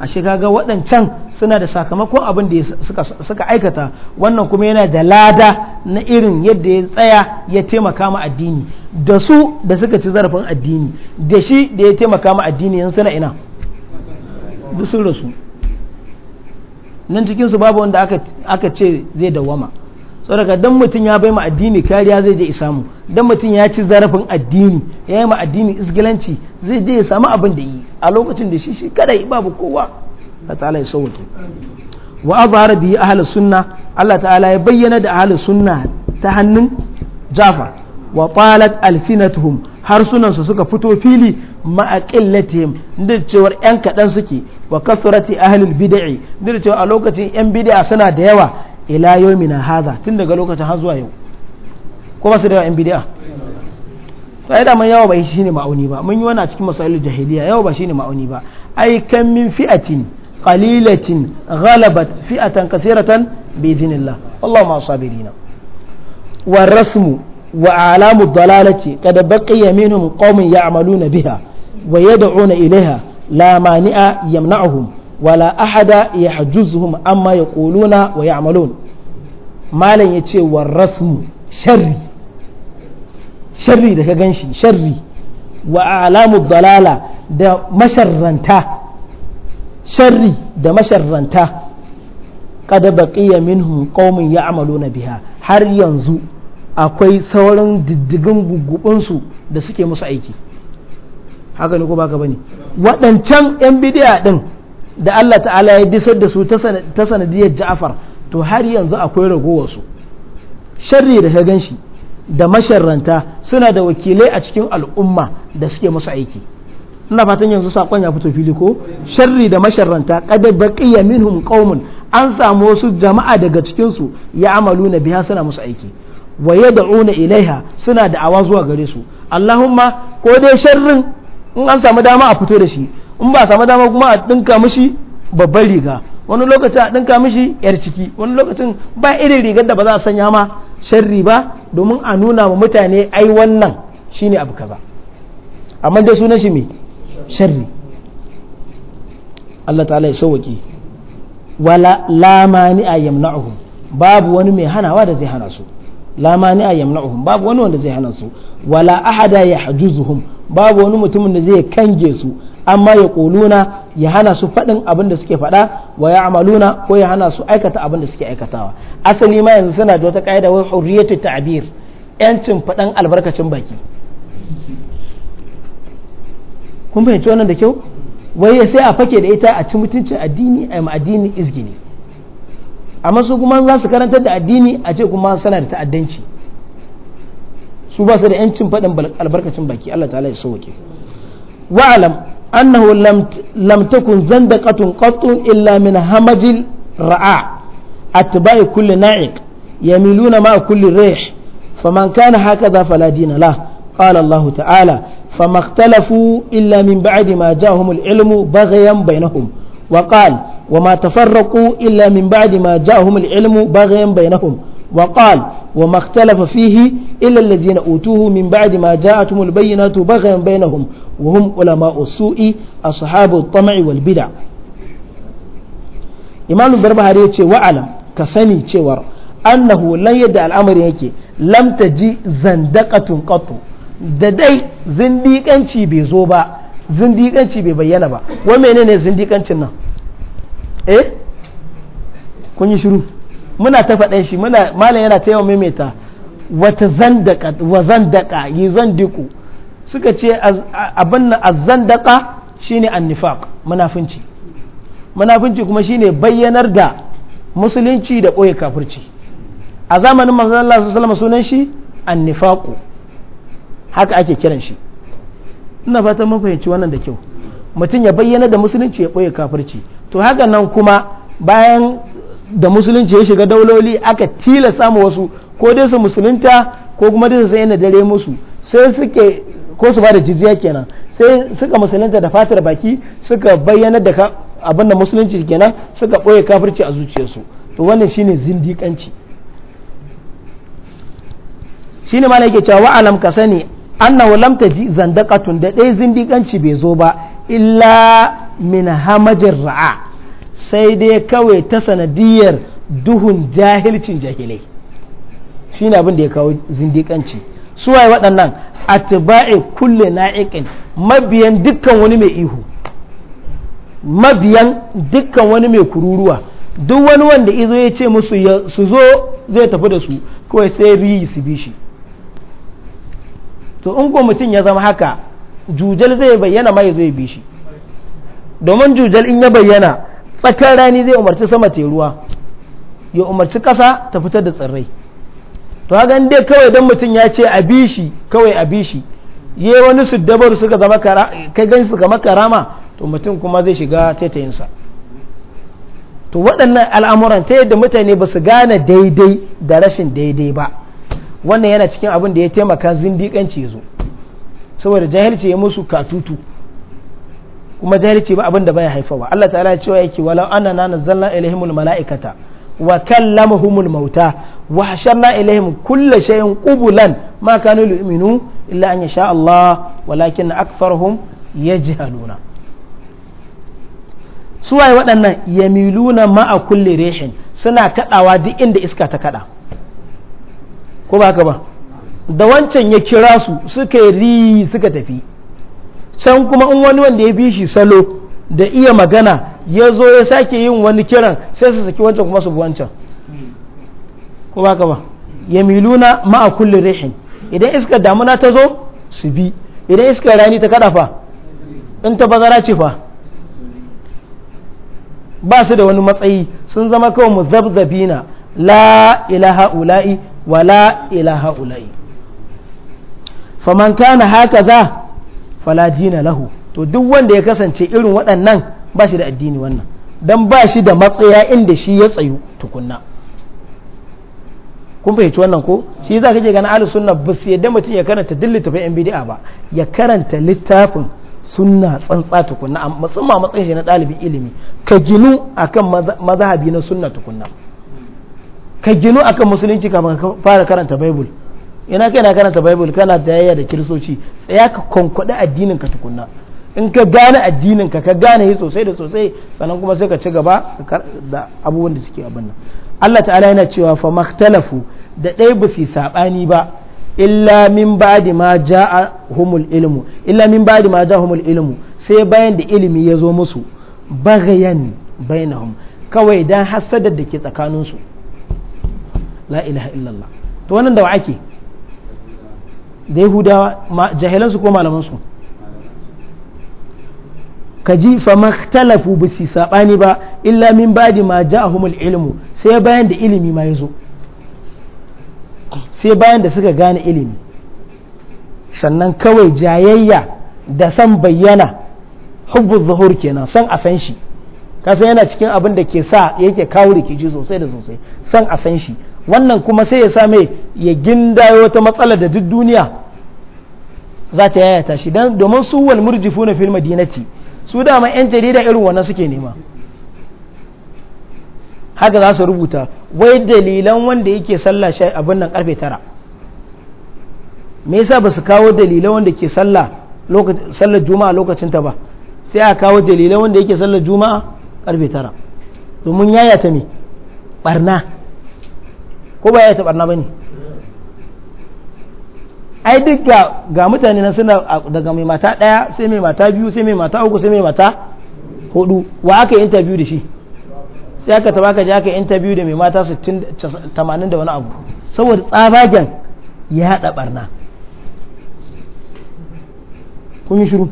Speaker 1: ashe kaga waɗancan suna da sakamakon abin da suka aikata wannan kuma yana da lada na irin yadda ya tsaya ya taimaka ma addini da su da suka ci zarafin addini da shi da ya taimaka ma addini yan suna ina duk rasu nan cikinsu babu wanda aka ce zai dawwama so mutum ya bai ma addini kariya zai je isamu samu dan mutum ya ci zarafin addini ya yi ma addini isgilanci zai je ya samu abin da yi a lokacin da shi shi yi babu kowa Allah ta'ala ya sauke wa azhara bi ahli sunna Allah ta'ala ya bayyana da ahli sunna ta hannun Jafar wa talat alsinatuhum harsunan su suka fito fili ma'a qillatihim da cewar yan kadan suke wa kasurati ahli bid'i da cewa a lokacin yan bid'a suna da yawa ila na haza tun daga lokacin har zuwa yau ko ba su da yan bid'a to ai da yawa ba ne ma'auni ba mun yi wani a cikin masalolin jahiliya yawa ba shine ma'auni ba ai kan min fi'atin qalilatin ghalabat fi'atan kathiratan bi idhnillah wallahu ma sabirina wa rasmu wa alamu dalalati qad baqiya minhum qaumin ya'maluna biha wa yad'una ilaiha la mani'a yamna'uhum wala ahada ya hajuzuhum amma ya ƙuluna wa ya amalon malam ya ce wa rasmu sharri sharri da ka gan shi sharri wa alamu dalala da masharranta sharri da masharranta kada baqiya ƙaumin ya ya'maluna biha har yanzu akwai sauran diddigin gugubinsu da suke musu aiki haka ne ko baka bane waɗancan 'yan bidiya ɗin da Allah ta'ala ya disar da su ta sanadiyar ja'afar to har yanzu akwai ragowarsu sharri da ka ganshi da masharranta suna da wakilai a cikin al'umma da suke musu aiki ina fatan yanzu sakon ya fito fili ko sharri da masharranta kada baqiya minhum qaumun an samu wasu jama'a daga cikin su ya amalu na biya suna musu aiki wa yad'una ilaiha suna da awa zuwa gare su allahumma ko dai sharrin in an samu dama a fito da shi in ba samu dama kuma a dinka mishi babban riga wani lokacin a dinka mishi yar ciki wani lokacin ba irin rigar da ba za a sanya ma sharri ba domin a nuna ma mutane ai wannan shine abu kaza amma dai sunan shi me sharri Allah ta'ala ya sauwaki wala lamani a yamna'uhum babu wani mai hanawa da zai hana su lamani a yamna'uhum babu wani wanda zai hana su wala ahada ya hajuzuhum babu wani mutumin da zai kange su amma ya ƙuluna ya hana su faɗin abin da suke faɗa wa ya amaluna ko ya hana su aikata abin da suke aikatawa asali ma yanzu suna da wata ƙa'ida wai hurriyatu ta'bir yancin faɗan albarkacin baki kun fahimci wannan da kyau wai sai a fake da ita a ci mutuncin addini a addini izgini amma su kuma za su karantar da addini a ce kuma sana da ta'addanci su ba su da yancin faɗin albarkacin baki Allah ta'ala ya sauke wa'alam أنه لم لم تكن زندقة قط إلا من همج الرعاع أتباع كل ناعق يميلون مع كل ريح فمن كان هكذا فلا دين له قال الله تعالى فما اختلفوا إلا من بعد ما جاءهم العلم بغيا بينهم وقال وما تفرقوا إلا من بعد ما جاءهم العلم بغيا بينهم وقال وما اختلف فيه إلا الذين أوتوه من بعد ما جاءتهم البينات بغيا بينهم وهم علماء السوء أصحاب الطمع والبدع إمام البربهاري يتشي وعلم كسني تشور أنه لن يدع الأمر يكي لم تجي زندقة قط da dai zindiƙanci bai zo ba zindiƙanci bai bayyana ba wa menene zindiƙancin nan eh kun yi shiru muna ta faɗin shi muna malam yana ta yawan maimaita wata zandaka wa zandaka yi zandiku suka ce abin na azzandaka shine annifaq munafunci munafunci kuma shine bayyanar da musulunci da ɓoye kafirci a zamanin manzon Allah sallallahu sunan shi annifaqu haka ake kiran shi ina fatan mun fahimci wannan da kyau mutum ya bayyana da musulunci ya ɓoye kafirci to haka nan kuma bayan da musulunci ya shiga dauloli aka tilasta mu wasu ko dai su musulunta ko kuma dai su sai dare musu sai suke ko su ba da jizya kenan sai suka musulunta da fatar baki suka bayyana da abin da musulunci kenan suka boye kafirci a zuciyarsu to wannan shine zindiƙanci shine ma yake cewa wa'alam ka sani annahu lam taji zandaqatun da dai zindikanci bai zo ba illa min hamajin ra'a sai dai kawai ta sanadiyar duhun jahilcin jahilai shi ne abin da ya kawo zindikanci suwaye waɗannan a atba'i kulle naikin mabiyan dukkan wani mai ihu mabiyan dukkan wani mai kururuwa duk wani wanda izo ya ce musu su zo zai tafi da su kawai sai riyi su bi shi to in ko mutum ya zama haka jujal zai bayyana ma ya zo ya bi shi domin jujal in ya bayyana tsakar rani zai umarci sama ta ruwa ya umarci kasa ta fitar da tsirrai to hagan dai kawai don mutum ya ce a bi shi kawai a bi shi wani su dabar suka zama kai gan suka maka rama to mutum kuma zai shiga taitayinsa to waɗannan al'amuran ta yadda mutane ba su gane daidai da rashin daidai ba wannan yana cikin abin da ya taimaka zindiƙanci ya zo saboda jahilci ya musu katutu kuma jahilci ba abin da baya haifawa Allah ta'ala ya cewa yake walau na nazzalna ilaihimul malaikata wa kallamahumul mauta wa hasharna ilaihim kulla shay'in qubulan ma kanu yu'minu illa an yasha Allah walakin aktharuhum yajhaluna suwaye waɗannan yamiluna ma'a kulle rehin suna kaɗawa duk inda iska ta kaɗa ko ba ba da wancan ya kira su suka yi ri suka tafi can kuma in wani wanda ya bi shi salo da iya magana ya zo ya sake yin wani kiran sai su saki wancan kuma su bi wancan ko ba ba ya miluna ma'a kullum rihin idan iskar damuna ta zo su bi idan iskar rani ta kada fa in ta bazara ce fa ba su da wani matsayi sun zama kawai mu zabzabina la ilaha ula'i wa la ilaha ula'i faman kana haka za fala dina lahu to duk wanda ya kasance irin waɗannan ba shi da addini wannan dan ba shi da matsaya inda shi ya tsayu tukunna kun fahimci wannan ko shi za ka je gana ahlus sunna ba su yadda mutum ya karanta duk littafin yan bid'a ba ya karanta littafin sunna tsantsa tukunna musamman a matsayin shi na ɗalibin ilimi ka ginu akan mazhabi na sunna tukunna ka ginu akan musulunci kafin ka fara karanta bible ina kai na karanta bible kana jayayya da kiristoci tsaya ka konkwada addinin ka tukunna in ka gane addinin ka ka gane shi sosai da sosai sannan kuma sai ka ci gaba da abubuwan da suke abin nan Allah ta'ala yana cewa fa makhtalafu da ɗaya ba su saɓani ba illa min ba'di ma ja'a humul ilmu illa min ba'di ma ja'a humul ilmu sai bayan da ilimi ya zo musu bagayan bainahum kawai dan hasadar da ke tsakaninsu la ilaha illallah to wannan da wa ake da yahudawa jahilansu ko malamansu ka ji fa maktalafu ba su saɓani ba illa min ba'di ma a humul ilmu sai bayan da ilimi ma ya zo sai bayan da suka gane ilimi sannan kawai jayayya da san bayyana hubbu zuhur kenan san a san shi kasan yana cikin abin da ke sa yake kawo rikici sosai da sosai san a san shi wannan kuma sai ya same ya gindayo wata matsala da duk duniya za ta yayata shi domin su wal murjifuna filma madinati su dama yan jarida irin wannan suke nema haka za su rubuta wai dalilan wanda yake sallah shi abin nan karfe tara me yasa ba su kawo dalilan wanda ke sallah sallar juma'a lokacin ta ba sai a kawo dalilan wanda yake sallar juma'a karfe tara domin yayata me barna ko ba ya taɓa na bane ai duk ga mutane na suna daga mai mata ɗaya sai mai mata biyu sai mai mata uku sai mai mata hudu wa aka yi interview da shi sai aka taba ka je aka yi interview da mai mata 80 da wani abu saboda tsabagen ya haɗa barna kun yi shiru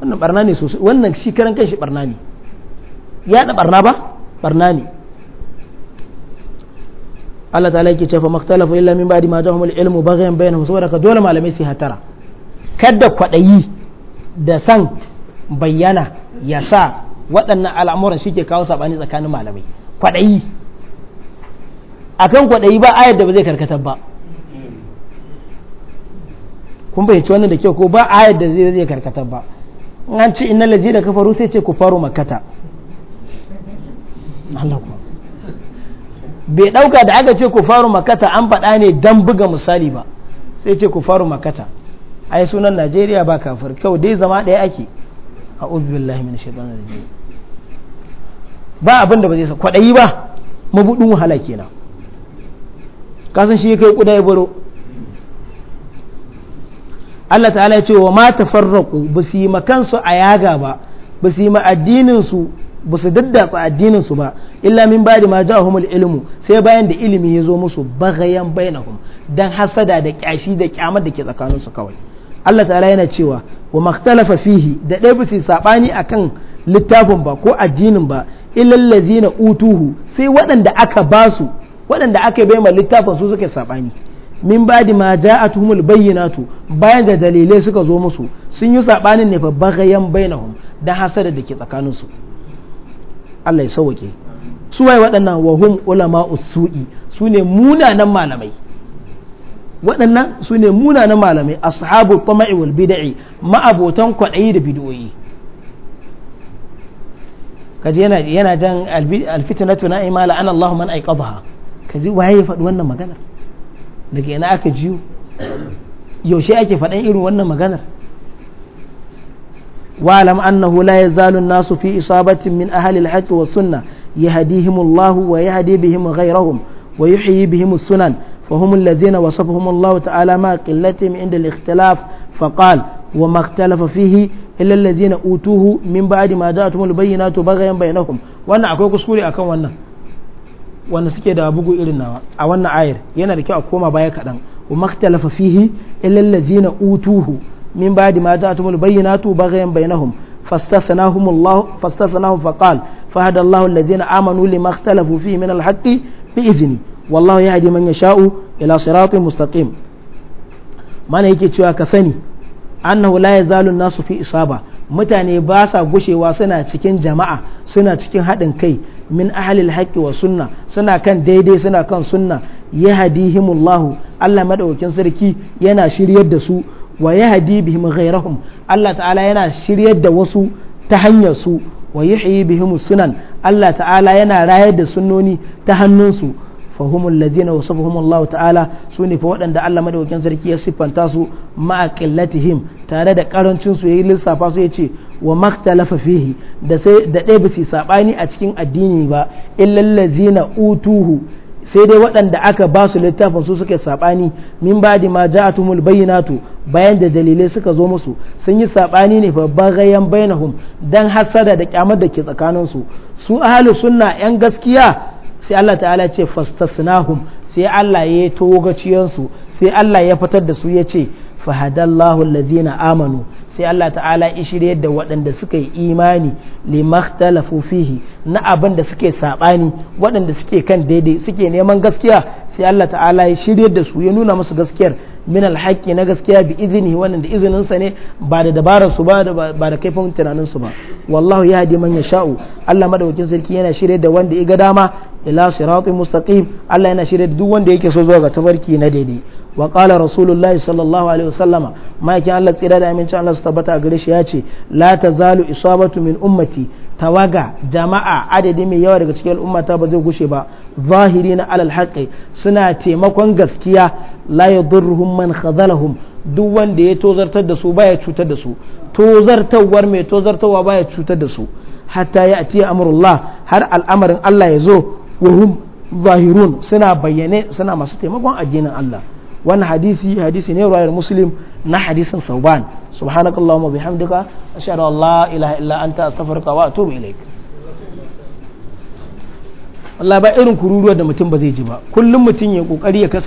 Speaker 1: wannan barna ne sosai wannan shi karan kanshi barna ne ya haɗa barna ba barna ne Allah ta'ala yake cewa maktalafu illa min ba'di ma ja'ahumul ilmu baghyan bainahum saboda ka dole malamai su hatara kada kwadayi da san bayyana ya sa waɗannan al'amuran shi ke kawo saɓani tsakanin malamai kwaɗayi akan kwadayi kwaɗayi ba ayar da ba zai karkatar ba kun fahimci wannan da kyau ko ba ayar da zai karkatar ba an ci innal ladina da kafaru sai ce ku faru makata Allah bai ɗauka da aka ce ku faru makata an faɗa ne dan buga misali ba sai ce ku faru makata ai sunan najeriya ba kafir kyau dai zama ɗaya ake a billahi min shaitan rajim ba abin da ba zai sa kwaɗayi ba mabudin wahala kenan kasan shi kai kuda ya baro Allah ta'ala ya ce wa ma tafarraqu ba su yi makansu a yaga ba ba ma addinin su ba su daddatsa addinin su ba illa min ba da ma ja'ahumul ilmu sai bayan da ilimi ya zo musu bagayan bainahum dan hasada da kyashi da kyamar da ke tsakanin su kawai Allah ta'ala yana cewa wa makhtalafa fihi da dai saɓani sabani akan littafin ba ko addinin ba illal ladina utuhu sai waɗanda aka basu waɗanda aka bai ma littafin su suke sabani min ba maja ma ja'atuhumul bayyinatu bayan da dalilai suka zo musu sun yi sabanin ne fa bagayan bainahum dan hasada da ke tsakanin su Allah ya sauwake su waye waɗannan wa hum ulama usu'i su ne munanan malamai waɗannan su ne munanan malamai ashabu tama'i wal bid'i ma'abotan kwaɗayi da bid'o'i kaji yana yana jan alfitnatu na imala an Allah man aiqadha kaji waye ya faɗi wannan maganar daga ina aka jiyo yaushe ake faɗan irin wannan maganar واعلم أنه لا يزال الناس في إصابة من أهل الحق والسنة يهديهم الله ويهدي بهم غيرهم ويحيي بهم السنن فهم الذين وصفهم الله تعالى مع قلتهم عند الاختلاف فقال وما اختلف فيه إلا الذين أوتوه من بعد ما جاءتهم البينات بغيا بينهم وأنا أكو كسكوري أكو وأنا wanda suke da bugu irin nawa a wannan ayar yana da kyau a koma baya kaɗan wa maktalafa fihi illal ladzina utuhu من بعد ما جاءتهم البينات بغيا بينهم فاستثناهم الله فاستثناهم فقال فهدى الله الذين آمنوا لما اختلفوا فيه من الحق بإذنه والله يهدي من يشاء إلى صراط مستقيم ما yake cewa ka sani annahu la zalun nasu fi isaba mutane ba sa gushewa suna cikin jama'a suna cikin haɗin kai min ahalil hakki wa sunna suna kan daidai suna kan sunna hadihimullahu Allah maɗaukin sarki yana shiryar da su wa yahdi bihim ghayrahum Allah ta'ala yana shiryar da wasu ta hanyar su wa bihim sunan Allah ta'ala yana rayar da sunnoni ta hannunsu fa humul ladina Allah ta'ala sune fa waɗanda Allah madaukakin sarki ya siffanta su ma'a qillatihim tare da karancin su yayi lissafa su yace wa maktalafa fihi da sai da ɗaya bisi sabani a cikin addini ba illal utuhu sai dai waɗanda aka ba su littafin su suke saɓani min ba ma ja a ja'atumul tu bayan da dalilai suka zo musu sun yi saɓani ne rayan bagayen bainahum dan hasada da kyamar da ke tsakanin su su ahlus sunna yan gaskiya sai Allah ta'ala ce fastasnahum sai Allah ya togaciyan su sai Allah ya fitar da su ya ce fahadallahu allazina amanu sai Allah ta'ala ishirye da waɗanda suka yi imani makhtalafu fihi na abin da suke saɓani waɗanda suke kan daidai suke neman gaskiya sai Allah ta'ala ya shirye da su ya nuna musu gaskiyar min alhaqi na gaskiya bi izini wannan da izinin sa ne ba da dabarar su ba ba da kaifin tunanin su ba wallahu ya hadi man yasha'u Allah madaukakin sarki yana shirye da wanda ya ga dama ila siratin mustaqim Allah yana shirye da duk wanda yake so zuwa ga tabarki na daidai wa qala rasulullahi sallallahu alaihi wasallam ma'aikin Allah tsira da amincin Allah su a gare shi ya ce la tazalu isabatu min ummati tawaga jama'a adadi mai yawa daga cikin al'ummata ba zai gushe ba zahiri na alal haqqi suna taimakon gaskiya la yadurruhum man khadalahum duk wanda ya tozartar da su baya cutar da su tozartawar mai tozartawa baya cutar da su hatta ya atiya amrullah har al'amarin Allah ya zo wa zahirun suna bayyane suna masu taimakon addinin Allah wani hadisi hadisi ne ruwayar muslim na hadisin sauban subhanakallahumma bihamdika ashhadu an la ilaha illa anta astaghfiruka wa atubu ilaik Allah ba irin kururuwa da mutum ba zai ji ba kullum mutum ya kokari ya kasa